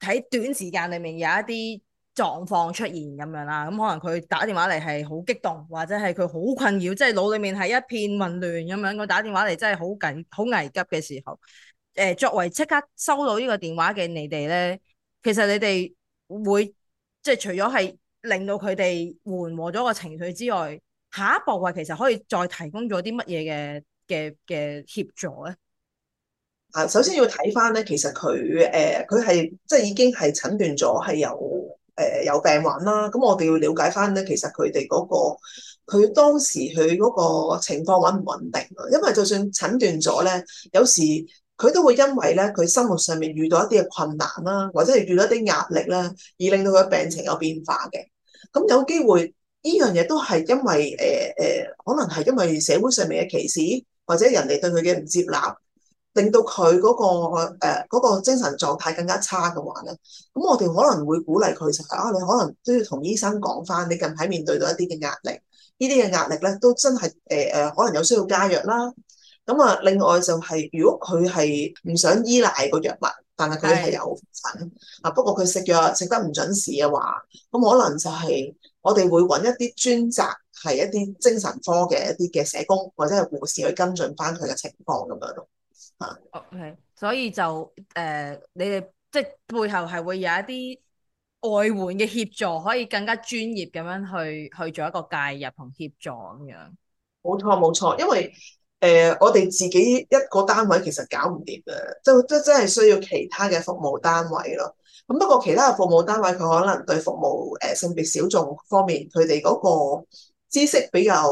喺短時間裏面有一啲狀況出現咁樣啦。咁可能佢打電話嚟係好激動，或者係佢好困擾，即係腦裏面係一片混亂咁樣。佢打電話嚟真係好緊、好危急嘅時候，誒、呃，作為即刻收到呢個電話嘅你哋咧。其實你哋會即係除咗係令到佢哋緩和咗個情緒之外，下一步話其實可以再提供咗啲乜嘢嘅嘅嘅協助咧？啊，首先要睇翻咧，其實佢誒佢係即係已經係診斷咗係有誒、呃、有病患啦。咁我哋要了解翻咧，其實佢哋嗰個佢當時佢嗰個情況穩唔穩定啊？因為就算診斷咗咧，有時，佢都會因為咧，佢生活上面遇到一啲嘅困難啦，或者係遇到一啲壓力啦，而令到佢嘅病情有變化嘅。咁有機會，呢樣嘢都係因為誒誒，可能係因為社會上面嘅歧視，或者人哋對佢嘅唔接納，令到佢嗰個誒嗰個精神狀態更加差嘅話咧，咁我哋可能會鼓勵佢就係啊，你可能都要同醫生講翻，你近排面對到一啲嘅壓力，呢啲嘅壓力咧都真係誒誒，可能有需要加藥啦。咁啊，另外就係、是、如果佢係唔想依賴個藥物，但係佢係有覆診啊，的不過佢食藥食得唔準時嘅話，咁可能就係我哋會揾一啲專責係一啲精神科嘅一啲嘅社工或者係護士去跟進翻佢嘅情況咁樣。O、okay, K，所以就誒、呃，你哋即係背後係會有一啲外援嘅協助，可以更加專業咁樣去去做一個介入同協助咁樣。冇錯，冇錯，因為。誒、呃，我哋自己一個單位其實搞唔掂嘅，即係即真係需要其他嘅服務單位咯。咁不過其他嘅服務單位佢可能對服務誒、呃、性別小眾方面，佢哋嗰個知識比較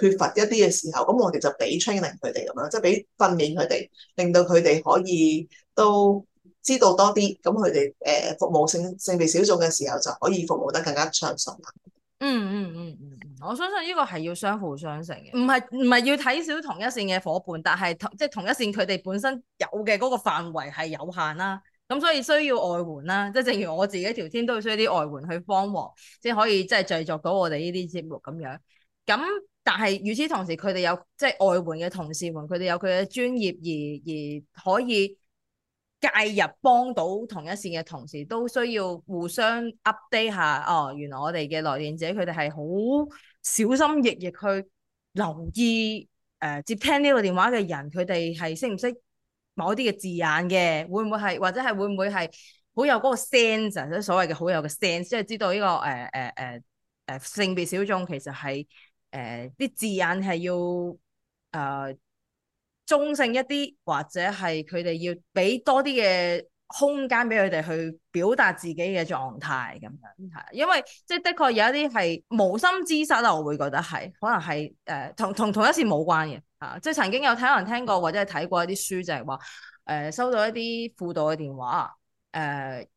缺乏一啲嘅時候，咁我哋就俾 training 佢哋咁樣，即係俾訓練佢哋，令到佢哋可以都知道多啲，咁佢哋誒服務性性別小眾嘅時候就可以服務得更加暢順啦。嗯嗯嗯嗯，我相信呢個係要相輔相成嘅，唔係唔係要睇少同一線嘅夥伴，但係同即係同一線佢哋本身有嘅嗰個範圍係有限啦，咁所以需要外援啦，即係正如我自己條天都會需要啲外援去幫忙，即係可以即係製作到我哋呢啲節目咁樣。咁但係與此同時，佢哋有即係外援嘅同事們，佢哋有佢嘅專業而而可以。介入幫到同一線嘅同時，都需要互相 update 下。哦，原來我哋嘅來電者佢哋係好小心翼翼去留意，誒、呃、接聽呢個電話嘅人，佢哋係識唔識某一啲嘅字眼嘅，會唔會係或者係會唔會係好有嗰個 sense，即係所謂嘅好有嘅 sense，即係知道呢個誒誒誒誒性別小眾其實係誒啲字眼係要誒。呃中性一啲，或者係佢哋要俾多啲嘅空間俾佢哋去表達自己嘅狀態咁樣係。因為即係、就是、的確有一啲係無心之失啦，我會覺得係可能係誒、呃、同同同一線冇關嘅嚇、啊，即係曾經有睇人聽過或者係睇過一啲書，就係話誒收到一啲輔導嘅電話誒、呃，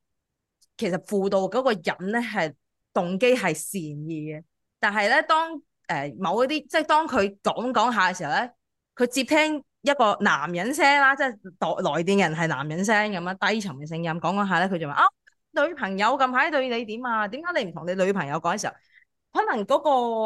其實輔導嗰個人咧係動機係善意嘅，但係咧當誒、呃、某一啲即係當佢講講下嘅時候咧，佢接聽。一個男人聲啦，即係嚟來電人係男人聲咁啊，低沉嘅聲音講講下咧，佢就話啊女朋友近排對你點啊？點解你唔同你女朋友講嘅時候，可能嗰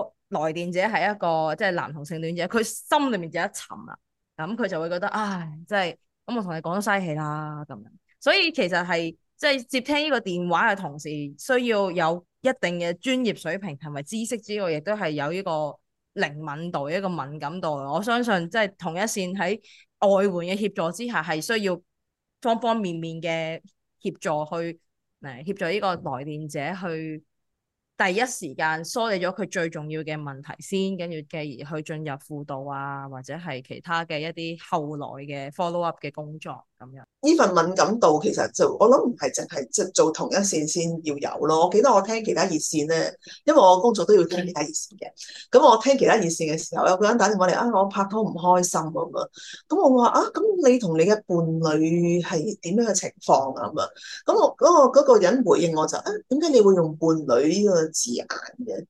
個來電者係一個即係、就是、男同性戀者，佢心裏面就一沉喇，咁佢就會覺得唉，即係咁我同你講都嘥氣啦咁樣。所以其實係即係接聽呢個電話嘅同時，需要有一定嘅專業水平同埋知識之外，亦都係有呢、這個。靈敏度一個敏感度，我相信即係同一線喺外援嘅協助之下，係需要方方面面嘅協助去誒協助呢個來電者去第一時間梳理咗佢最重要嘅問題先，跟住繼而去進入輔導啊，或者係其他嘅一啲後來嘅 follow up 嘅工作。咁樣，呢份敏感度其實就我諗唔係淨係即做同一線先要有咯。我記得我聽其他熱線咧，因為我工作都要聽其他熱線嘅。咁我聽其他熱線嘅時候，有個人打電話嚟啊、哎，我拍拖唔開心咁啊。咁我話啊，咁你同你嘅伴侶係點樣嘅情況啊咁啊？咁我嗰個人回應我就誒，哎，點解你會用伴侶呢個字眼嘅？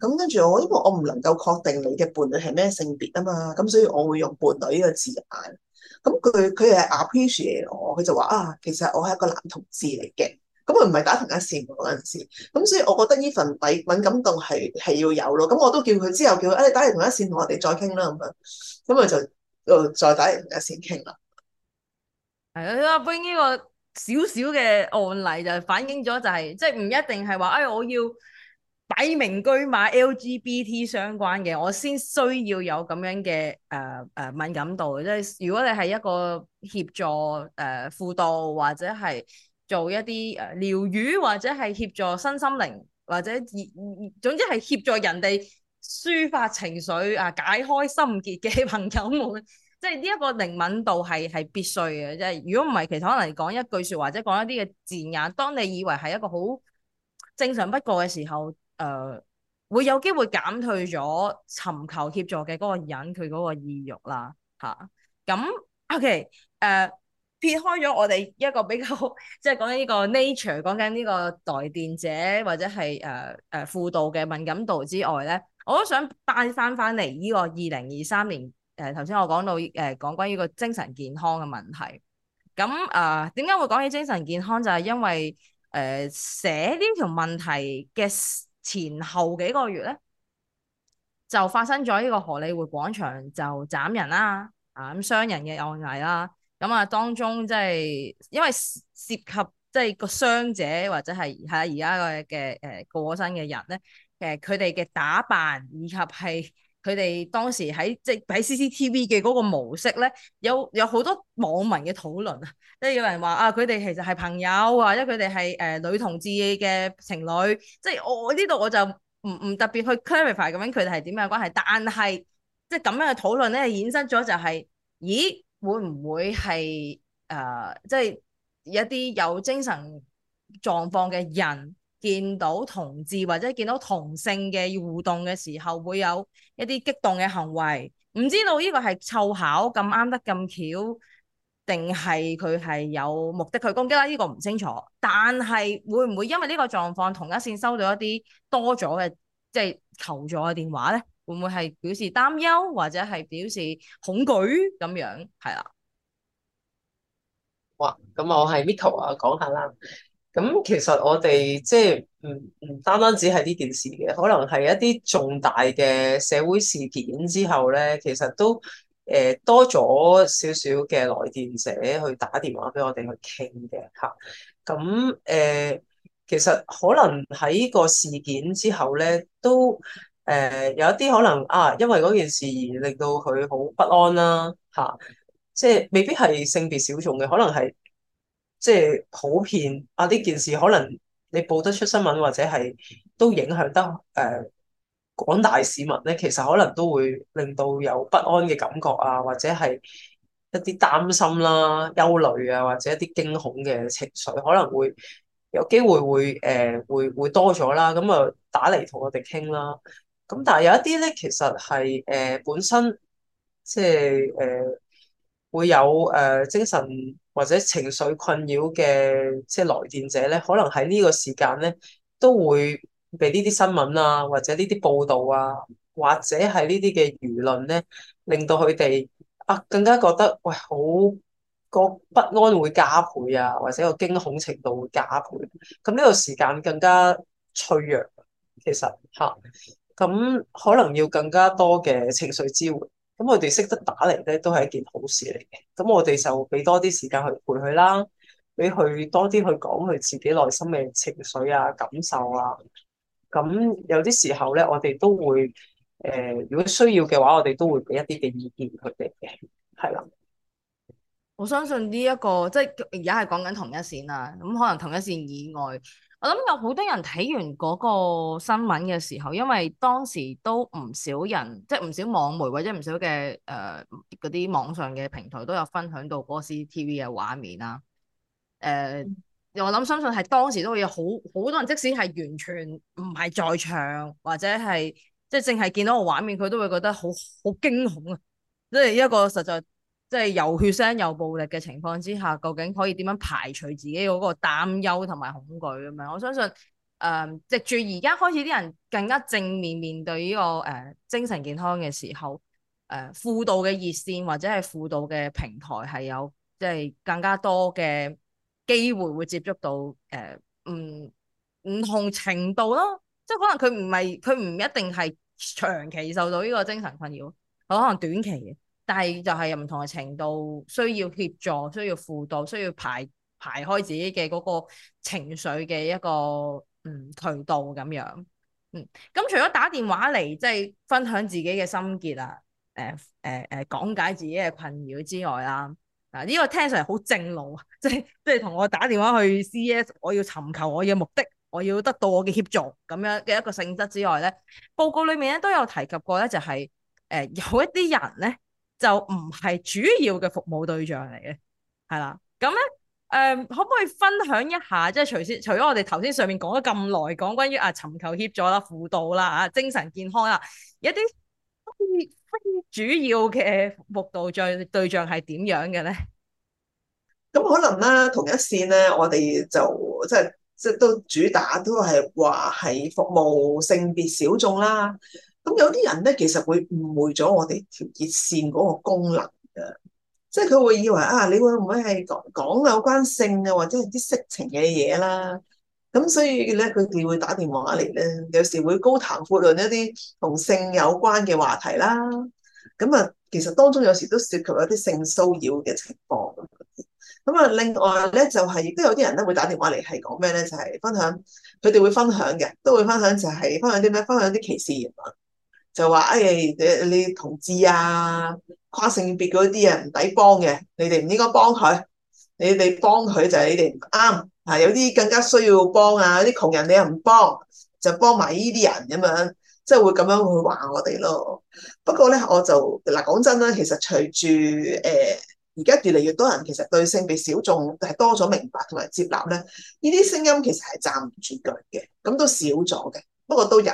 咁跟住我，因為我唔能夠確定你嘅伴侶係咩性別啊嘛，咁所以我會用伴侶呢個字眼。咁佢佢係 appreciate 我，佢就話啊，其實我係一個男同志嚟嘅，咁佢唔係打同一線嗰陣時，咁所以我覺得呢份敏感度係係要有咯。咁我都叫佢之後叫、啊、你打嚟同一線同我哋再傾啦咁樣，咁佢就誒再打嚟同一線傾啦。係啊，阿 Ben 呢個少少嘅案例就反映咗就係即係唔一定係話誒我要。擺明車馬 LGBT 相關嘅，我先需要有咁樣嘅誒誒敏感度。即係如果你係一個協助誒輔導或者係做一啲誒療癒或者係協助身心靈或者總之係協助人哋抒發情緒啊解開心結嘅朋友們，即係呢一個靈敏度係係必須嘅。即係如果唔係，其實可能講一句說話或者講一啲嘅字眼，當你以為係一個好正常不過嘅時候。誒、呃、會有機會減退咗尋求協助嘅嗰個人佢嗰個意欲啦嚇。咁、啊嗯、OK 誒、呃、撇開咗我哋一個比較即係講緊呢個 nature，講緊呢個來電者或者係誒誒輔導嘅敏感度之外咧，我都想帶翻翻翻嚟呢個二零二三年誒頭先我講到誒講、呃、關於個精神健康嘅問題。咁誒點解會講起精神健康？就係、是、因為誒寫呢條問題嘅。前後幾個月咧，就發生咗呢個荷里活廣場就斬人啦，啊咁傷人嘅案例啦。咁啊，當中即係因為涉及即係個傷者或者係係而家嘅嘅誒過身嘅人咧，誒佢哋嘅打扮以及係。佢哋當時喺即係喺 CCTV 嘅嗰個模式咧，有有好多網民嘅討論啊，即係有人話啊，佢哋其實係朋友或者佢哋係誒女同志嘅情侶，即係我呢度我就唔唔特別去 clarify 咁樣佢哋係點樣嘅關係，但係即係咁樣嘅討論咧，衍生咗就係、是、咦會唔會係誒、呃、即係一啲有精神狀況嘅人？見到同志或者見到同性嘅互動嘅時候，會有一啲激動嘅行為。唔知道呢個係湊巧咁啱得咁巧，定係佢係有目的去攻擊啦？呢個唔清楚。但係會唔會因為呢個狀況，同一線收到一啲多咗嘅即係求助嘅電話咧？會唔會係表示擔憂或者係表示恐懼咁樣？係啦。哇！咁我係 Meko 啊，講下啦。咁其實我哋即係唔唔單單止係呢件事嘅，可能係一啲重大嘅社會事件之後咧，其實都誒、呃、多咗少少嘅來電者去打電話俾我哋去傾嘅吓。咁、啊、誒、呃，其實可能喺呢個事件之後咧，都誒、呃、有一啲可能啊，因為嗰件事而令到佢好不安啦吓、啊，即係未必係性別小眾嘅，可能係。即係普遍啊，呢件事可能你報得出新聞，或者係都影響得誒、呃、廣大市民咧。其實可能都會令到有不安嘅感覺啊，或者係一啲擔心啦、憂慮啊，或者一啲驚恐嘅情緒，可能會有機會會誒、呃、會會多咗啦。咁啊打嚟同我哋傾啦。咁但係有一啲咧，其實係誒、呃、本身即係誒。呃會有誒、呃、精神或者情緒困擾嘅即係來電者咧，可能喺呢個時間咧都會被呢啲新聞啊，或者呢啲報道啊，或者係呢啲嘅輿論咧，令到佢哋啊更加覺得喂、哎、好個不安會加倍啊，或者個驚恐程度會加倍，咁呢個時間更加脆弱，其實吓，咁、啊、可能要更加多嘅情緒支援。咁我哋識得打嚟咧，都係一件好事嚟嘅。咁我哋就俾多啲時間去陪佢啦，俾佢多啲去講佢自己內心嘅情緒啊、感受啊。咁有啲時候咧，我哋都會誒、呃，如果需要嘅話，我哋都會俾一啲嘅意見佢哋嘅。係啦，我相信呢、這、一個即係而家係講緊同一線啦。咁可能同一線以外。我諗有好多人睇完嗰個新聞嘅時候，因為當時都唔少人，即係唔少網媒或者唔少嘅誒嗰啲網上嘅平台都有分享到嗰個 CCTV 嘅畫面啦。誒、呃，我諗相信係當時都會有好好多人即，即使係完全唔係在場或者係即係淨係見到個畫面，佢都會覺得好好驚恐啊！即係一個實在。即係有血腥、有暴力嘅情況之下，究竟可以點樣排除自己嗰個擔憂同埋恐懼咁樣？我相信誒、呃，藉住而家開始啲人更加正面面對呢、這個誒、呃、精神健康嘅時候，誒、呃、輔導嘅熱線或者係輔導嘅平台係有即係、就是、更加多嘅機會會接觸到誒唔唔同程度咯。即係可能佢唔係佢唔一定係長期受到呢個精神困擾，佢可能短期嘅。但係就係唔同嘅程度需要協助、需要輔導、需要排排開自己嘅嗰個情緒嘅一個嗯渠道咁樣，嗯咁除咗打電話嚟即係分享自己嘅心結啊，誒誒誒講解自己嘅困擾之外啦，嗱，呢個聽上嚟好正路啊，即係即係同我打電話去 C.S. 我要尋求我嘅目的，我要得到我嘅協助咁樣嘅一個性質之外咧，報告裡面咧都有提及過咧，就係、是、誒、呃、有一啲人咧。就唔係主要嘅服務對象嚟嘅，係啦。咁咧，誒、嗯，可唔可以分享一下？即係除先，除咗我哋頭先上面講咗咁耐，講關於啊尋求協助啦、輔導啦、啊，啊精神健康啦，一啲非非主要嘅服務對象對象係點樣嘅咧？咁可能啦，同一線咧，我哋就即係即係都主打都係話係服務性別小眾啦。咁有啲人咧，其實會誤會咗我哋條熱線嗰個功能嘅，即係佢會以為啊，你會唔會係講講有關性啊，或者係啲色情嘅嘢啦？咁所以咧，佢哋會打電話嚟咧，有時會高談闊論一啲同性有關嘅話題啦。咁啊，其實當中有時都涉及一啲性騷擾嘅情況。咁啊，另外咧就係亦都有啲人咧會打電話嚟係講咩咧？就係、是、分享佢哋會分享嘅，都會分享就係分享啲咩？分享啲歧視言論。就話誒、哎，你你，你同志啊，跨性別嗰啲人唔抵幫嘅，你哋唔應該幫佢。你哋幫佢就係你哋唔啱啊！有啲更加需要幫啊，啲窮人你又唔幫，就幫埋呢啲人咁樣，即係會咁樣去話我哋咯。不過咧，我就嗱、啊、講真啦，其實隨住誒而家越嚟越多人，其實對性別小眾係多咗明白同埋接納咧，呢啲聲音其實係站唔住腳嘅，咁都少咗嘅。不過都有。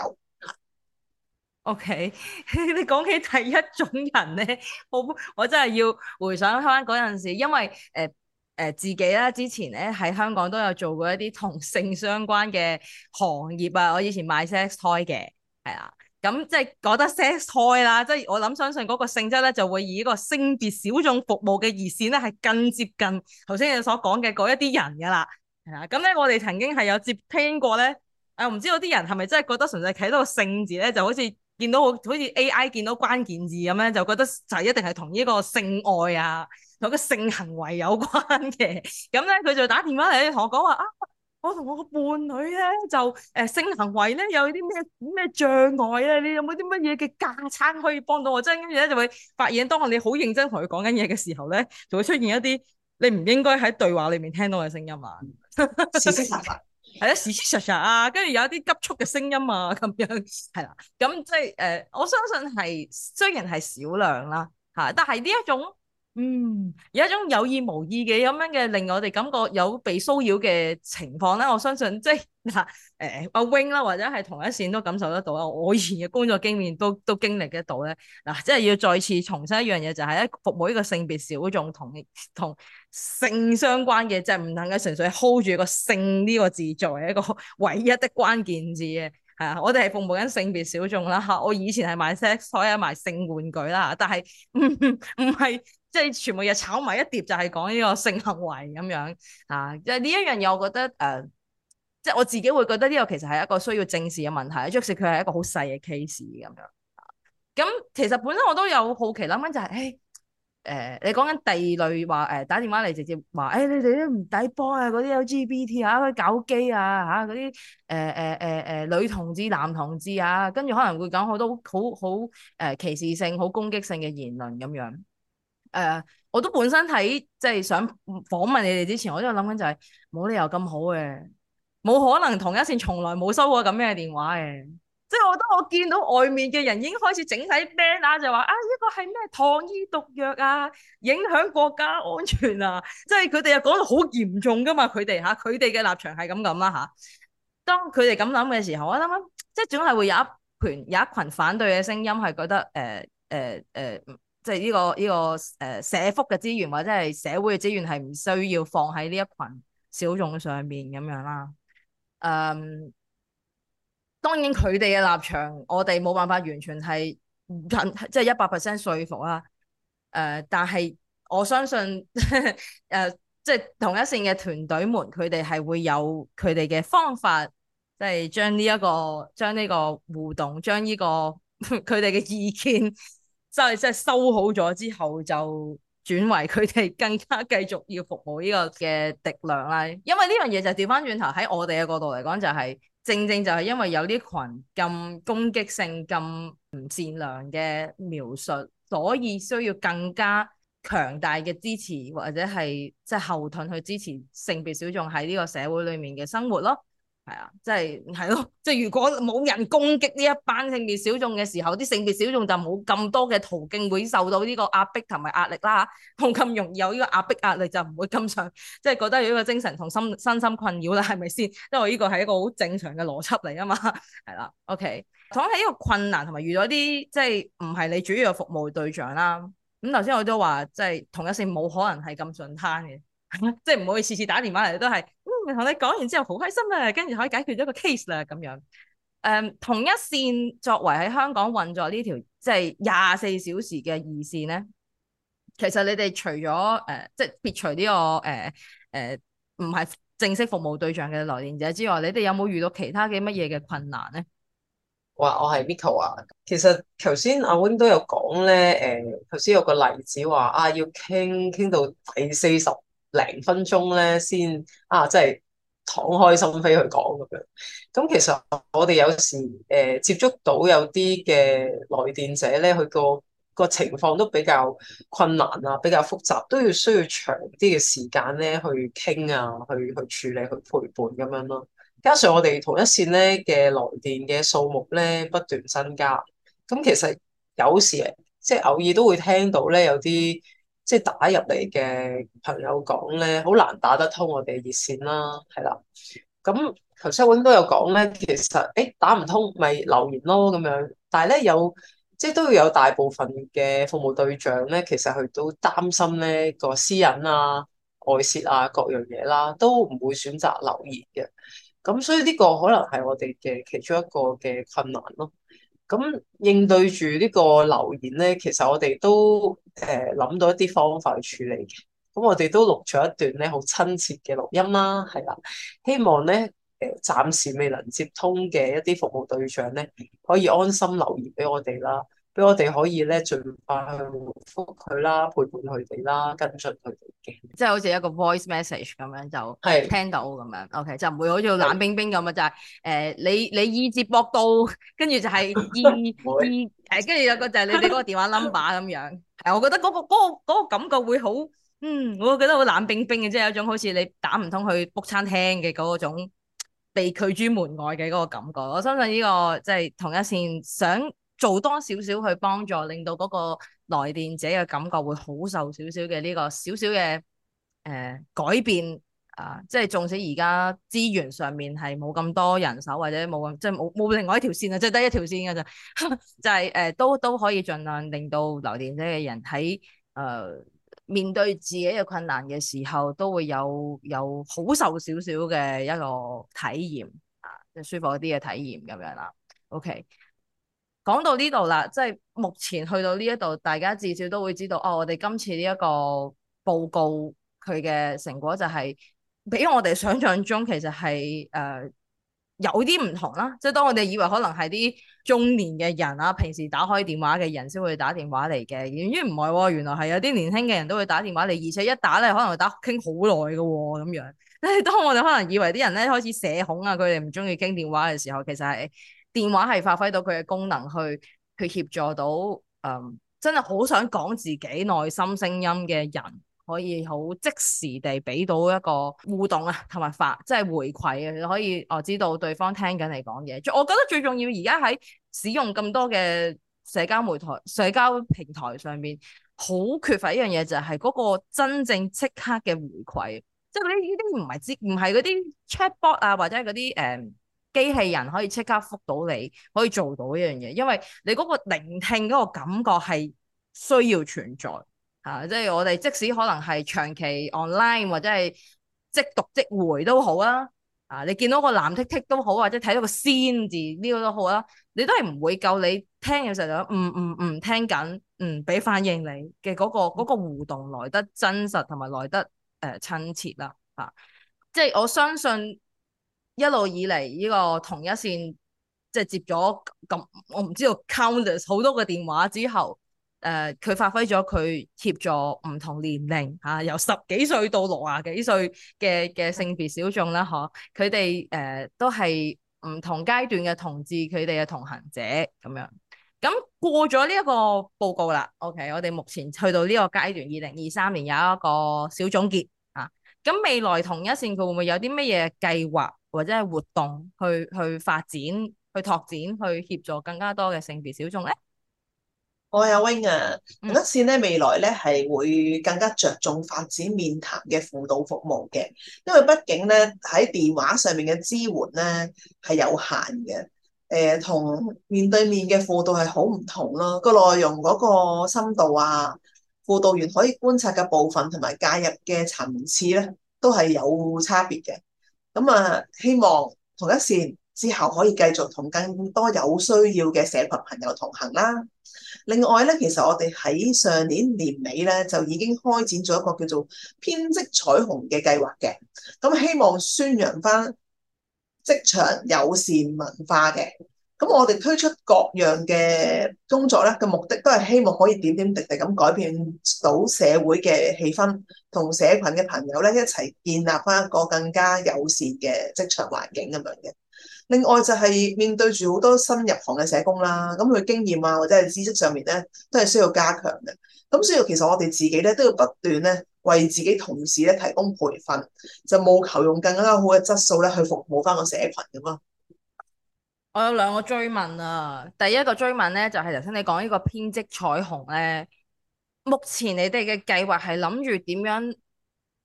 O Okay . K， 你講起第一種人咧，我我真係要回想翻嗰陣時，因為誒誒、呃呃、自己啦，之前咧喺香港都有做過一啲同性相關嘅行業啊。我以前賣 sex toy 嘅，係啊，咁、嗯、即係覺得 sex toy 啦，即係我諗相信嗰個性質咧，就會以一個性別小眾服務嘅熱線咧，係更接近頭先你所講嘅嗰一啲人㗎啦。係啊，咁、嗯、咧我哋曾經係有接聽過咧，誒我唔知道啲人係咪真係覺得純粹睇到個性字咧，就好似～見到我，好似 AI 見到關鍵字咁樣，就覺得就一定係同呢個性愛啊，同個性行為有關嘅。咁咧佢就打電話嚟同我講話啊，我同我個伴侶咧就誒、呃、性行為咧有啲咩咩障礙啊？你有冇啲乜嘢嘅架撐可以幫到我？即係跟住咧就會發現，當我你好認真同佢講緊嘢嘅時候咧，就會出現一啲你唔應該喺對話裡面聽到嘅聲音啊， 係啊，嘶嘶唰唰啊，跟住有一啲急促嘅聲音啊，咁樣係啦，咁即係誒，我相信係雖然係少量啦嚇，但係呢一種。嗯，有一種有意無意嘅咁樣嘅令我哋感覺有被騷擾嘅情況啦。我相信即係嗱，誒、啊、阿、欸啊、Wing 啦，或者係同一線都感受得到啦。我以前嘅工作經驗都都經歷得到咧。嗱、啊，即係要再次重申一樣嘢，就係、是、喺服務呢個性別小眾同同性相關嘅，即係唔能夠純粹 hold 住個性呢、這個字作為一個唯一的關鍵字嘅。係啊，我哋係服務緊性別小眾啦。嚇、啊，我以前係賣 sex，所以賣性玩具啦、啊。但係唔唔係。嗯嗯即係全部嘢炒埋一碟，就係講呢個性行為咁樣啊！即係呢一樣嘢，我覺得誒，即、呃、係、就是、我自己會覺得呢個其實係一個需要正視嘅問題。即使佢係一個好細嘅 case 咁樣。咁、啊、其實本身我都有好奇諗緊、就是，就係誒誒，你講緊地類話誒，打電話嚟直接話誒、欸，你哋都唔抵幫啊！嗰啲 LGBT 嚇、啊、搞基啊嚇、嗰啲誒誒誒誒女同志、男同志啊，跟住可能會講好多好好誒歧視性、好攻擊性嘅言論咁樣。誒，uh, 我都本身喺即係想訪問你哋之前，我都諗緊就係、是、冇理由咁好嘅，冇可能同一線從來冇收過咁樣嘅電話嘅，即係我覺得我見到外面嘅人已經開始整晒 band 啊，就話啊呢個係咩糖衣毒藥啊，影響國家安全啊，即係佢哋又講到好嚴重噶嘛，佢哋吓，佢哋嘅立場係咁咁啦吓。當佢哋咁諗嘅時候，我諗諗，即係總係會有一群有一群反對嘅聲音係覺得誒誒誒。呃呃呃即係呢個呢個誒社福嘅資源或者係社會嘅資源係唔需要放喺呢一群小眾上面咁樣啦。誒、嗯，當然佢哋嘅立場，我哋冇辦法完全係即係一百 percent 說服啦。誒、呃，但係我相信誒，即 係、呃就是、同一線嘅團隊們，佢哋係會有佢哋嘅方法，即係將呢一個將呢個互動，將呢個佢哋嘅意見，就係即係收好咗之後，就轉為佢哋更加繼續要服務呢個嘅敵量啦。因為呢樣嘢就調翻轉頭喺我哋嘅角度嚟講、就係，就係正正就係因為有呢群咁攻擊性、咁唔善良嘅描述，所以需要更加強大嘅支持或者係即係後盾去支持性別小眾喺呢個社會裡面嘅生活咯。係啊，即係係咯，即 係樂如果冇人攻擊呢一班性別小眾嘅時候，啲性別小眾就冇咁多嘅途徑會受到呢個壓迫同埋壓力啦，冇咁容易有呢個壓迫壓力就唔會咁上，即係覺得有呢個精神同心身心困擾啦，係咪先？因為呢個係一個好正常嘅邏輯嚟啊嘛，係 啦，OK。講起呢個困難同埋遇到啲即係唔係你主要嘅服務對象啦，咁頭先我都話即係同一線冇可能係咁順攤。嘅 即係唔好意思，次次打電話嚟都係，嗯，同你講完之後好開心啊，跟住可以解決咗個 case 啦咁樣。誒、嗯，同一線作為喺香港運作呢條即係廿四小時嘅二線咧，其實你哋除咗誒、呃，即係撇除呢、這個誒誒，唔、呃、係、呃、正式服務對象嘅來電者之外，你哋有冇遇到其他嘅乜嘢嘅困難咧？哇我係 Meko 啊，其實頭先阿 Wing 都有講咧，誒、呃，頭先有個例子話啊，要傾傾到第四十。零分鐘咧先啊，即係敞開心扉去講咁樣。咁其實我哋有時誒、呃、接觸到有啲嘅來電者咧，佢個個情況都比較困難啊，比較複雜，都要需要長啲嘅時間咧去傾啊，去去處理，去陪伴咁樣咯。加上我哋同一線咧嘅來電嘅數目咧不斷增加，咁其實有時即係、就是、偶爾都會聽到咧有啲。即係打入嚟嘅朋友講咧，好難打得通我哋嘅熱線啦，係啦。咁頭先我都有講咧，其實誒、欸、打唔通咪留言咯咁樣。但係咧有即係都要有大部分嘅服務對象咧，其實佢都擔心咧個私隱啊、外泄啊各樣嘢啦、啊，都唔會選擇留言嘅。咁所以呢個可能係我哋嘅其中一個嘅困難咯。咁應對住呢個留言咧，其實我哋都誒諗到一啲方法去處理嘅。咁我哋都錄咗一段咧好親切嘅錄音啦，係啦，希望咧誒暫時未能接通嘅一啲服務對象咧，可以安心留言畀我哋啦。俾我哋可以咧，盡快去回覆佢啦，陪伴佢哋啦，跟進佢哋嘅，即係好似一個 voice message 咁樣就係聽到咁樣的，OK，就唔會好似冷冰冰咁啊！的就係、是、誒、呃，你你耳接駁到，跟住就係意意。誒， 跟住有個就係你你嗰個電話 number 咁樣。係， 我覺得嗰、那個嗰、那個那個、感覺會好，嗯，我覺得好冷冰冰嘅，即係有一種好似你打唔通去 book 餐廳嘅嗰種被拒諸門外嘅嗰個感覺。我相信呢、這個即係、就是、同一線想做多少少去幫助，令到嗰個來電者嘅感覺會好受少少嘅呢個少少嘅誒改變啊！即係縱使而家資源上面係冇咁多人手，或者冇咁即係冇冇另外一條線啊，即係得一條線嘅 就就係誒都都可以盡量令到來電者嘅人喺誒、呃、面對自己嘅困難嘅時候，都會有有好受少少嘅一個體驗啊，即係舒服一啲嘅體驗咁樣啦。OK。講到呢度啦，即係目前去到呢一度，大家至少都會知道哦。我哋今次呢一個報告佢嘅成果就係，比我哋想象中其實係誒、呃、有啲唔同啦。即係當我哋以為可能係啲中年嘅人啊，平時打開電話嘅人先會打電話嚟嘅、哦，原來唔係，原來係有啲年輕嘅人都會打電話嚟，而且一打咧可能會打傾好耐嘅喎咁樣。但係當我哋可能以為啲人咧開始社恐啊，佢哋唔中意傾電話嘅時候，其實係。電話係發揮到佢嘅功能去，去去協助到誒、嗯，真係好想講自己內心聲音嘅人，可以好即時地俾到一個互動啊，同埋發即係回饋啊，可以我知道對方聽緊你講嘢。我覺得最重要，而家喺使用咁多嘅社交媒體、社交平台上面，好缺乏一樣嘢就係嗰個真正即刻嘅回饋，即係嗰啲呢啲唔係知唔係嗰啲 chatbot 啊，或者係嗰啲誒。嗯機器人可以即刻覆到你，可以做到一樣嘢，因為你嗰個聆聽嗰個感覺係需要存在嚇、啊，即係我哋即使可能係長期 online 或者係即讀即回都好啦，啊你見到個藍剔剔都好，或者睇到個先字呢個都好啦，你都係唔會夠你聽嘅時候就唔唔唔聽緊，嗯，俾反應你嘅嗰、嗰個嗰個互動來得真實同埋來得誒、呃、親切啦嚇、啊，即係我相信。一路以嚟，呢、這個同一線，即係接咗咁，我唔知道 countless 好多個電話之後，誒、呃、佢發揮咗佢協助唔同年齡嚇、啊，由十幾歲到六廿幾歲嘅嘅性別小眾啦，呵佢哋誒都係唔同階段嘅同志，佢哋嘅同行者咁樣。咁過咗呢一個報告啦，OK，我哋目前去到呢個階段，二零二三年有一個小總結啊。咁未來同一線，佢會唔會有啲乜嘢計劃？或者係活動去去發展、去拓展、去協助更加多嘅性別小眾咧。我阿 Wing 啊，同一線咧未來咧係會更加着重發展面談嘅輔導服務嘅，因為畢竟咧喺電話上面嘅支援咧係有限嘅。誒、呃，同面對面嘅輔導係好唔同咯，個、呃、內容嗰個深度啊，輔導員可以觀察嘅部分同埋介入嘅層次咧，都係有差別嘅。咁啊，希望同一線之後可以繼續同更多有需要嘅社群朋友同行啦。另外咧，其實我哋喺上年年尾咧就已經開展咗一個叫做編織彩虹嘅計劃嘅，咁希望宣揚翻職場友善文化嘅。咁我哋推出各樣嘅工作咧，嘅目的都係希望可以點點滴滴咁改變到社會嘅氣氛，同社群嘅朋友咧一齊建立翻一個更加友善嘅職場環境咁樣嘅。另外就係面對住好多新入行嘅社工啦，咁佢經驗啊或者係知識上面咧，都係需要加強嘅。咁所以其實我哋自己咧都要不斷咧為自己同事咧提供培訓，就務求用更加好嘅質素咧去服務翻個社群。咁咯。我有兩個追問啊。第一個追問咧就係頭先你講呢個編織彩虹咧，目前你哋嘅計劃係諗住點樣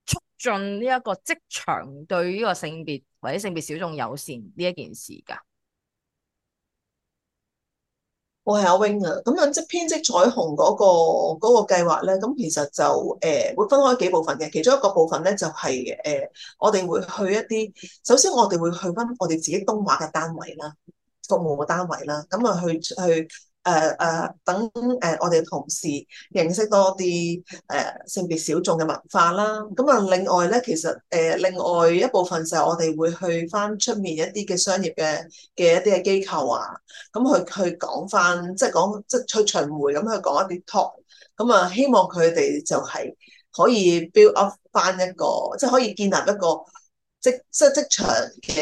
促進呢一個職場對呢個性別或者性別小眾友善呢一件事㗎？我係阿 Wing 啊，咁樣即編織彩虹嗰、那個嗰、那個計劃咧，咁其實就誒、呃、會分開幾部分嘅。其中一個部分咧就係、是、誒、呃、我哋會去一啲，首先我哋會去翻我哋自己東華嘅單位啦。服務嘅單位啦，咁、呃、啊去去誒誒等誒我哋嘅同事認識多啲誒、呃、性別小眾嘅文化啦。咁啊另外咧，其實誒、呃、另外一部分就係我哋會去翻出面一啲嘅商業嘅嘅一啲嘅機構啊。咁去佢講翻即係講即係、就是、去巡迴咁去講一啲 talk。咁啊希望佢哋就係可以 build up 翻一個，即、就、係、是、可以建立一個。即即係職場嘅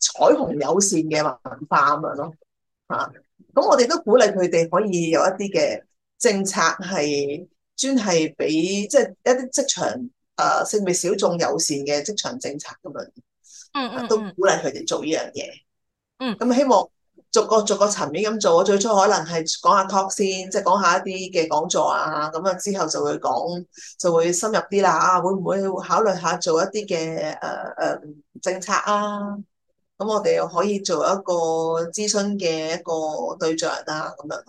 彩虹友善嘅文化咁樣咯，嚇、啊！咁我哋都鼓勵佢哋可以有一啲嘅政策係專係俾、就是、即係一啲職場啊、呃、性別小眾友善嘅職場政策咁樣，嗯、啊、都鼓勵佢哋做呢樣嘢，嗯，咁希望。逐個逐個層面咁做，最初可能係講下 talk 先講講講，即係講下一啲嘅講座啊，咁啊之後就會講就會深入啲啦、呃。啊，會唔會考慮下做一啲嘅誒誒政策啊？咁我哋又可以做一個諮詢嘅一個對象啦。咁樣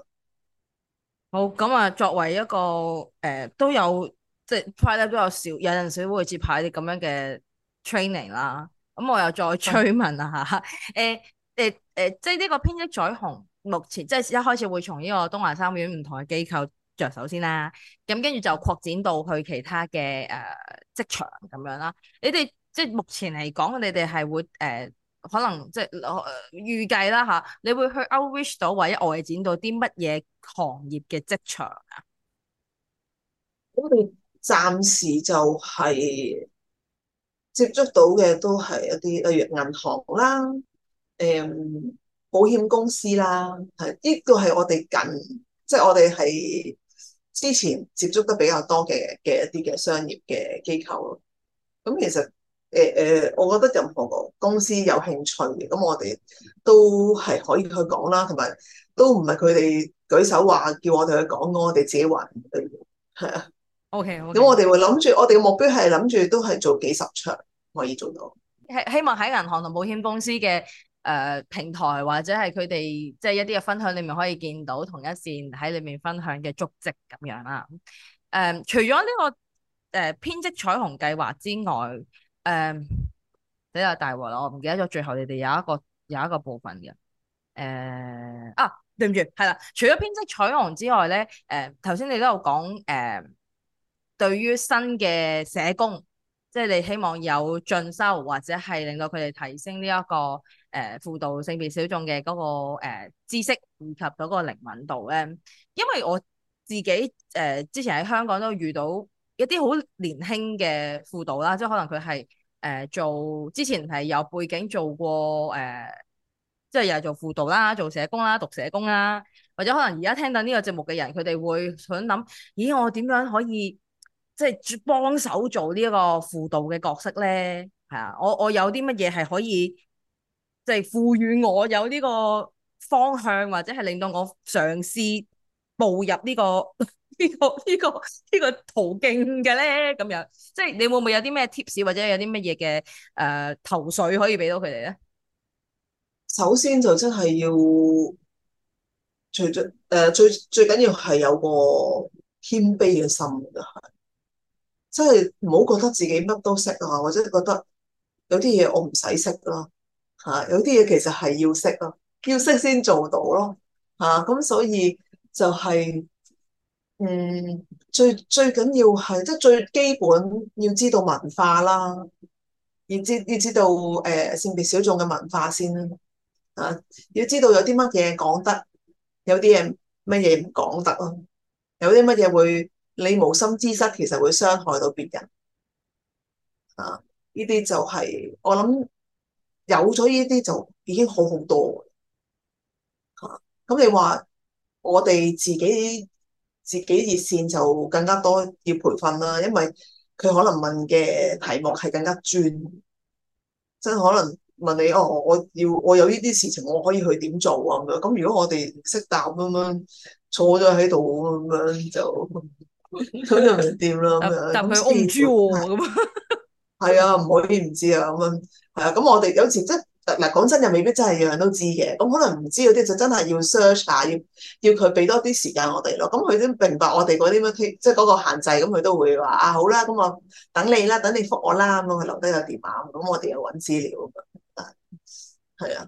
好咁啊，作為一個誒、呃、都有，即係 private 得比較少，有陣時會接派啲咁樣嘅 training 啦。咁我又再追、嗯、問下，誒、哎、誒。哎誒、呃，即係呢個編織彩虹，目前即係一開始會從呢個東華三院唔同嘅機構着手先啦。咁跟住就擴展到去其他嘅誒、呃、職場咁樣啦。你哋即係目前嚟講，你哋係會誒、呃、可能即係、呃、預計啦嚇，你會去 outreach 到或者外展到啲乜嘢行業嘅職場啊？我哋暫時就係接觸到嘅都係一啲例如銀行啦。誒、嗯，保險公司啦，係呢個係我哋近，即、就、係、是、我哋係之前接觸得比較多嘅嘅一啲嘅商業嘅機構咯。咁其實誒誒、呃呃，我覺得任何個公司有興趣嘅，咁我哋都係可以去講啦，同埋都唔係佢哋舉手話叫我哋去講、啊，我哋自己話係啊。OK，咁我哋會諗住，我哋嘅目標係諗住都係做幾十場可以做到。希望喺銀行同保險公司嘅。誒、呃、平台或者係佢哋即係一啲嘅分享，裏面可以見到同一線喺裏面分享嘅足跡咁樣啦、啊。誒、呃，除咗呢、這個誒、呃、編織彩虹計劃之外，誒、呃、你又大鑊啦！我唔記得咗最後你哋有一個有一個部分嘅誒、呃、啊，對唔住，係啦，除咗編織彩虹之外咧，誒頭先你都有講誒，對於新嘅社工，即係你希望有進修或者係令到佢哋提升呢、這、一個。誒、呃、輔導性別小眾嘅嗰、那個、呃、知識以及嗰個靈敏度咧，因為我自己誒、呃、之前喺香港都遇到一啲好年輕嘅輔導啦，即係可能佢係誒做之前係有背景做過誒，即係又係做輔導啦、做社工啦、讀社工啦，或者可能而家聽緊呢個節目嘅人，佢哋會想諗：咦，我點樣可以即係、就是、幫手做呢一個輔導嘅角色咧？係啊，我我有啲乜嘢係可以？即係賦予我有呢個方向，或者係令到我嘗試步入呢、呢個呢、呢個呢、呢個呢、呢個途徑嘅咧，咁樣即係、就是，你會唔會有啲咩 tips 或者有啲乜嘢嘅誒頭緒可以俾到佢哋咧？首先就真係要，除咗誒最、呃、最緊要係有個謙卑嘅心，就係、是，即係唔好覺得自己乜都識啊，或者覺得有啲嘢我唔使識啦。嚇！有啲嘢其實係要識咯，要識先做到咯。嚇、啊！咁所以就係、是，嗯，最最緊要係即係最基本，要知道文化啦，要知要知道誒性、呃、別小眾嘅文化先啦。嚇、啊！要知道有啲乜嘢講得，有啲嘢乜嘢唔講得咯，有啲乜嘢會你無心之失，其實會傷害到別人。啊！呢啲就係、是、我諗。有咗呢啲就已經好好多啊！咁、嗯、你話我哋自己自己熱線就更加多要培訓啦，因為佢可能問嘅題目係更加專，即係可能問你哦，我要我有呢啲事情我可以去點做啊咁。嗯、如果我哋唔識答咁樣，坐咗喺度咁樣就咁就唔掂啦咁樣。答佢戇豬咁啊！係 啊，唔可以唔知啊咁樣。係啊，咁我哋有時即係嗱，講真又未必真係樣樣都知嘅，咁可能唔知嗰啲就真係要 search 下，要要佢俾多啲時間我哋咯。咁佢都明白我哋嗰啲咩，即係嗰個限制，咁佢都會話啊好啦，咁我等你啦，等你覆我啦，咁佢留低個電話，咁我哋又搵資料。係啊，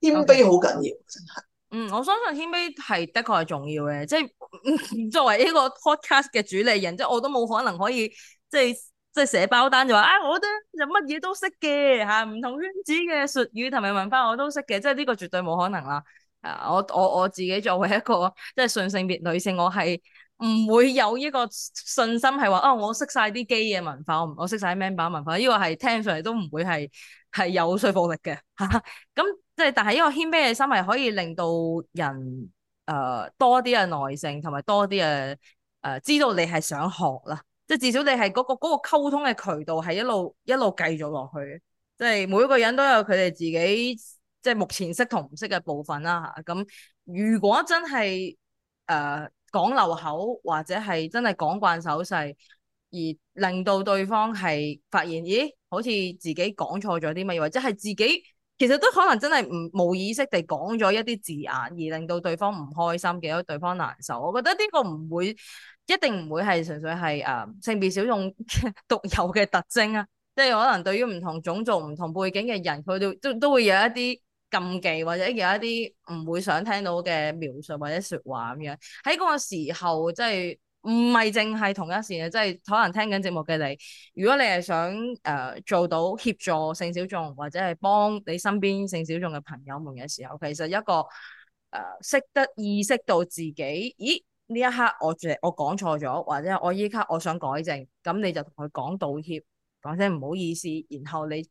謙卑好緊要，真係。嗯，我相信謙卑係的確係重要嘅，即係作為呢個 podcast 嘅主理人，即係我都冇可能可以即係。即係寫包單就話啊，我都就乜嘢都識嘅嚇，唔同圈子嘅術語同埋文化我都識嘅，即係呢個絕對冇可能啦。啊，我我我自己作為一個即係順性別女性，我係唔會有一個信心係話啊，我識晒啲基嘅文化，我唔我識曬啲 men 文化，呢個係聽上嚟都唔會係係有說服力嘅，咁即係但係呢個謙卑嘅心係可以令到人誒、呃、多啲嘅耐性同埋多啲嘅誒知道你係想學啦。即至少你係嗰個嗰個溝通嘅渠道係一路一路繼續落去，即係每個人都有佢哋自己即係目前識同唔識嘅部分啦，嚇。咁如果真係誒、呃、講漏口或者係真係講慣手勢，而令到對方係發現咦，好似自己講錯咗啲乜，或者係自己。其實都可能真係唔無意識地講咗一啲字眼，而令到對方唔開心，幾多對方難受。我覺得呢個唔會一定唔會係純粹係誒、呃、性別小眾獨 有嘅特徵啊，即係可能對於唔同種族、唔同背景嘅人，佢哋都都會有一啲禁忌，或者有一啲唔會想聽到嘅描述或者説話咁樣。喺嗰個時候，即係。唔係淨係同一線啊！即係可能聽緊節目嘅你，如果你係想誒做到協助性小眾或者係幫你身邊性小眾嘅朋友們嘅時候，其實一個誒識得意識到自己，咦呢一刻我誒我講錯咗，或者我依刻我想改正，咁你就同佢講道歉，講聲唔好意思，然後你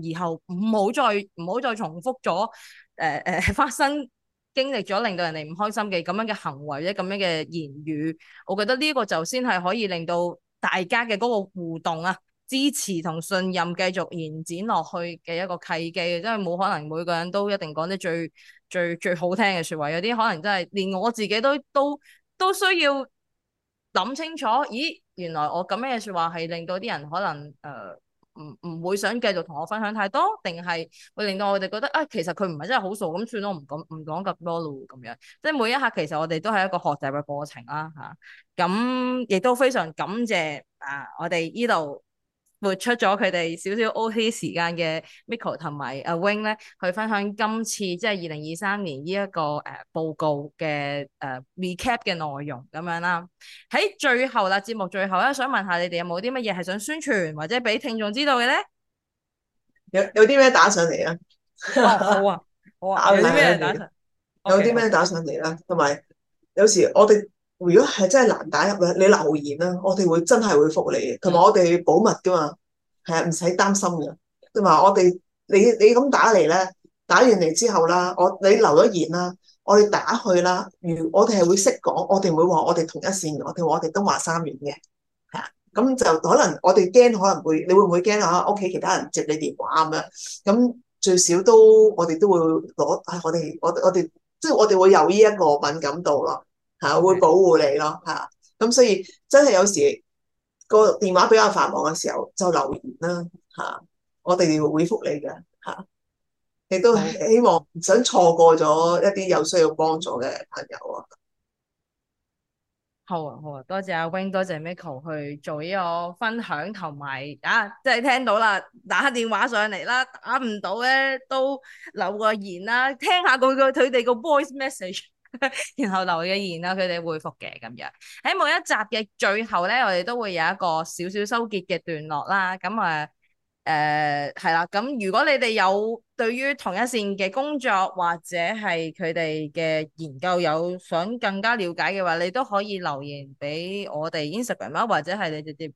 以後唔好再唔好再重複咗誒誒發生。經歷咗令到人哋唔開心嘅咁樣嘅行為或咁樣嘅言語，我覺得呢一個就先係可以令到大家嘅嗰個互動啊、支持同信任繼續延展落去嘅一個契機，因為冇可能每個人都一定講啲最最最好聽嘅説話，有啲可能真係連我自己都都都需要諗清楚，咦，原來我咁樣嘅説話係令到啲人可能誒。呃唔唔會想繼續同我分享太多，定係會令到我哋覺得啊，其實佢唔係真係好傻。咁算咯，唔講唔講咁多咯，咁樣，即係每一刻其實我哋都係一個學習嘅過程啦，吓，啊，咁亦都非常感謝啊，我哋呢度。撥出咗佢哋少少 O.T. 時間嘅 Meko 同埋阿 Wing 咧，去分享今次即係二零二三年呢、這、一個誒、呃、報告嘅誒、呃、recap 嘅內容咁樣啦。喺最後啦，節目最後咧，想問下你哋有冇啲乜嘢係想宣傳或者俾聽眾知道嘅咧？有有啲咩打上嚟 啊？好啊，好啊，有啲咩打？有啲咩打上嚟啦？同埋有時我哋。如果係真係難打入咧，你留言啦，我哋會真係會覆你嘅，同埋我哋保密噶嘛，係啊，唔使擔心嘅。同埋我哋你你咁打嚟咧，打完嚟之後啦，我你留咗言啦，我哋打去啦。如我哋係會識講，我哋唔會話我哋同一線，我哋話我哋東華三院嘅，係啊。咁就可能我哋驚可能會，你會唔會驚下屋企其他人接你電話咁樣，咁最少都我哋都會攞唉、哎，我哋我我哋即係我哋會有呢一個敏感度咯。吓，會保護你咯。吓，咁所以真係有時個電話比較繁忙嘅時候就留言啦，吓，我哋會回覆你嘅吓，亦都希望唔想錯過咗一啲有需要幫助嘅朋友啊。好啊好啊，多謝阿 Wing，多謝 Meko 去做呢個分享同埋啊，即係聽到啦，打電話上嚟啦，打唔到咧都留個言啦，聽下佢佢哋個 voice message。 然後留言啦，佢哋會覆嘅咁樣。喺每一集嘅最後咧，我哋都會有一個少少收結嘅段落啦。咁啊，誒、呃、係啦。咁如果你哋有對於同一線嘅工作或者係佢哋嘅研究有想更加了解嘅話，你都可以留言俾我哋 Instagram 或者係你直接。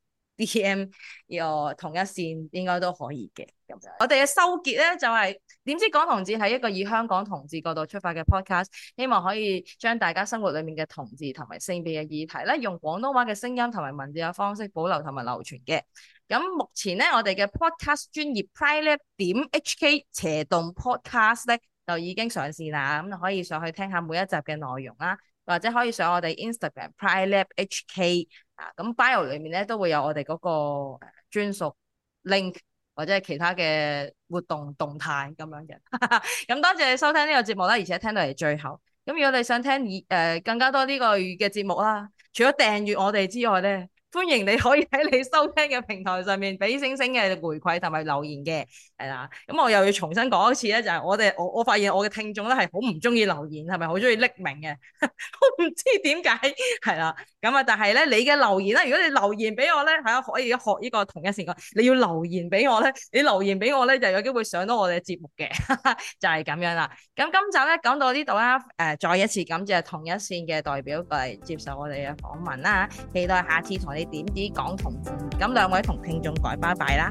D.M. 呢個同一線應該都可以嘅咁樣。我哋嘅收結咧就係、是、點知港同志係一個以香港同志角度出發嘅 Podcast，希望可以將大家生活裡面嘅同志同埋性別嘅議題咧，用廣東話嘅聲音同埋文字嘅方式保留同埋流傳嘅。咁目前咧，我哋嘅 Podcast 專屬 PrideLab 點 HK 斜槓 Podcast 咧，就已經上線啦。咁就可以上去聽下每一集嘅內容啦，或者可以上我哋 Instagram PrideLab HK。咁 bio 裏面咧都會有我哋嗰個誒專屬 link 或者係其他嘅活動動態咁樣嘅，咁 多謝你收聽呢個節目啦，而且聽到係最後。咁如果你想聽誒、呃、更加多呢個嘅節目啦，除咗訂閱我哋之外咧，歡迎你可以喺你收聽嘅平台上面俾星星嘅回饋同埋留言嘅。係啦，咁我又要重新講一次咧，就係、是、我哋我我發現我嘅聽眾咧係好唔中意留言，係咪好中意匿名嘅？ 我唔知點解，係啦，咁啊，但係咧你嘅留言咧，如果你留言俾我咧，係啊可以學呢個同一線嘅，你要留言俾我咧，你留言俾我咧就有機會上到我哋嘅節目嘅， 就係咁樣啦。咁今集咧講到呢度啦，誒、呃、再一次感謝同一線嘅代表過嚟接受我哋嘅訪問啦，期待下次同你點子講同，咁兩位同聽眾改拜拜啦。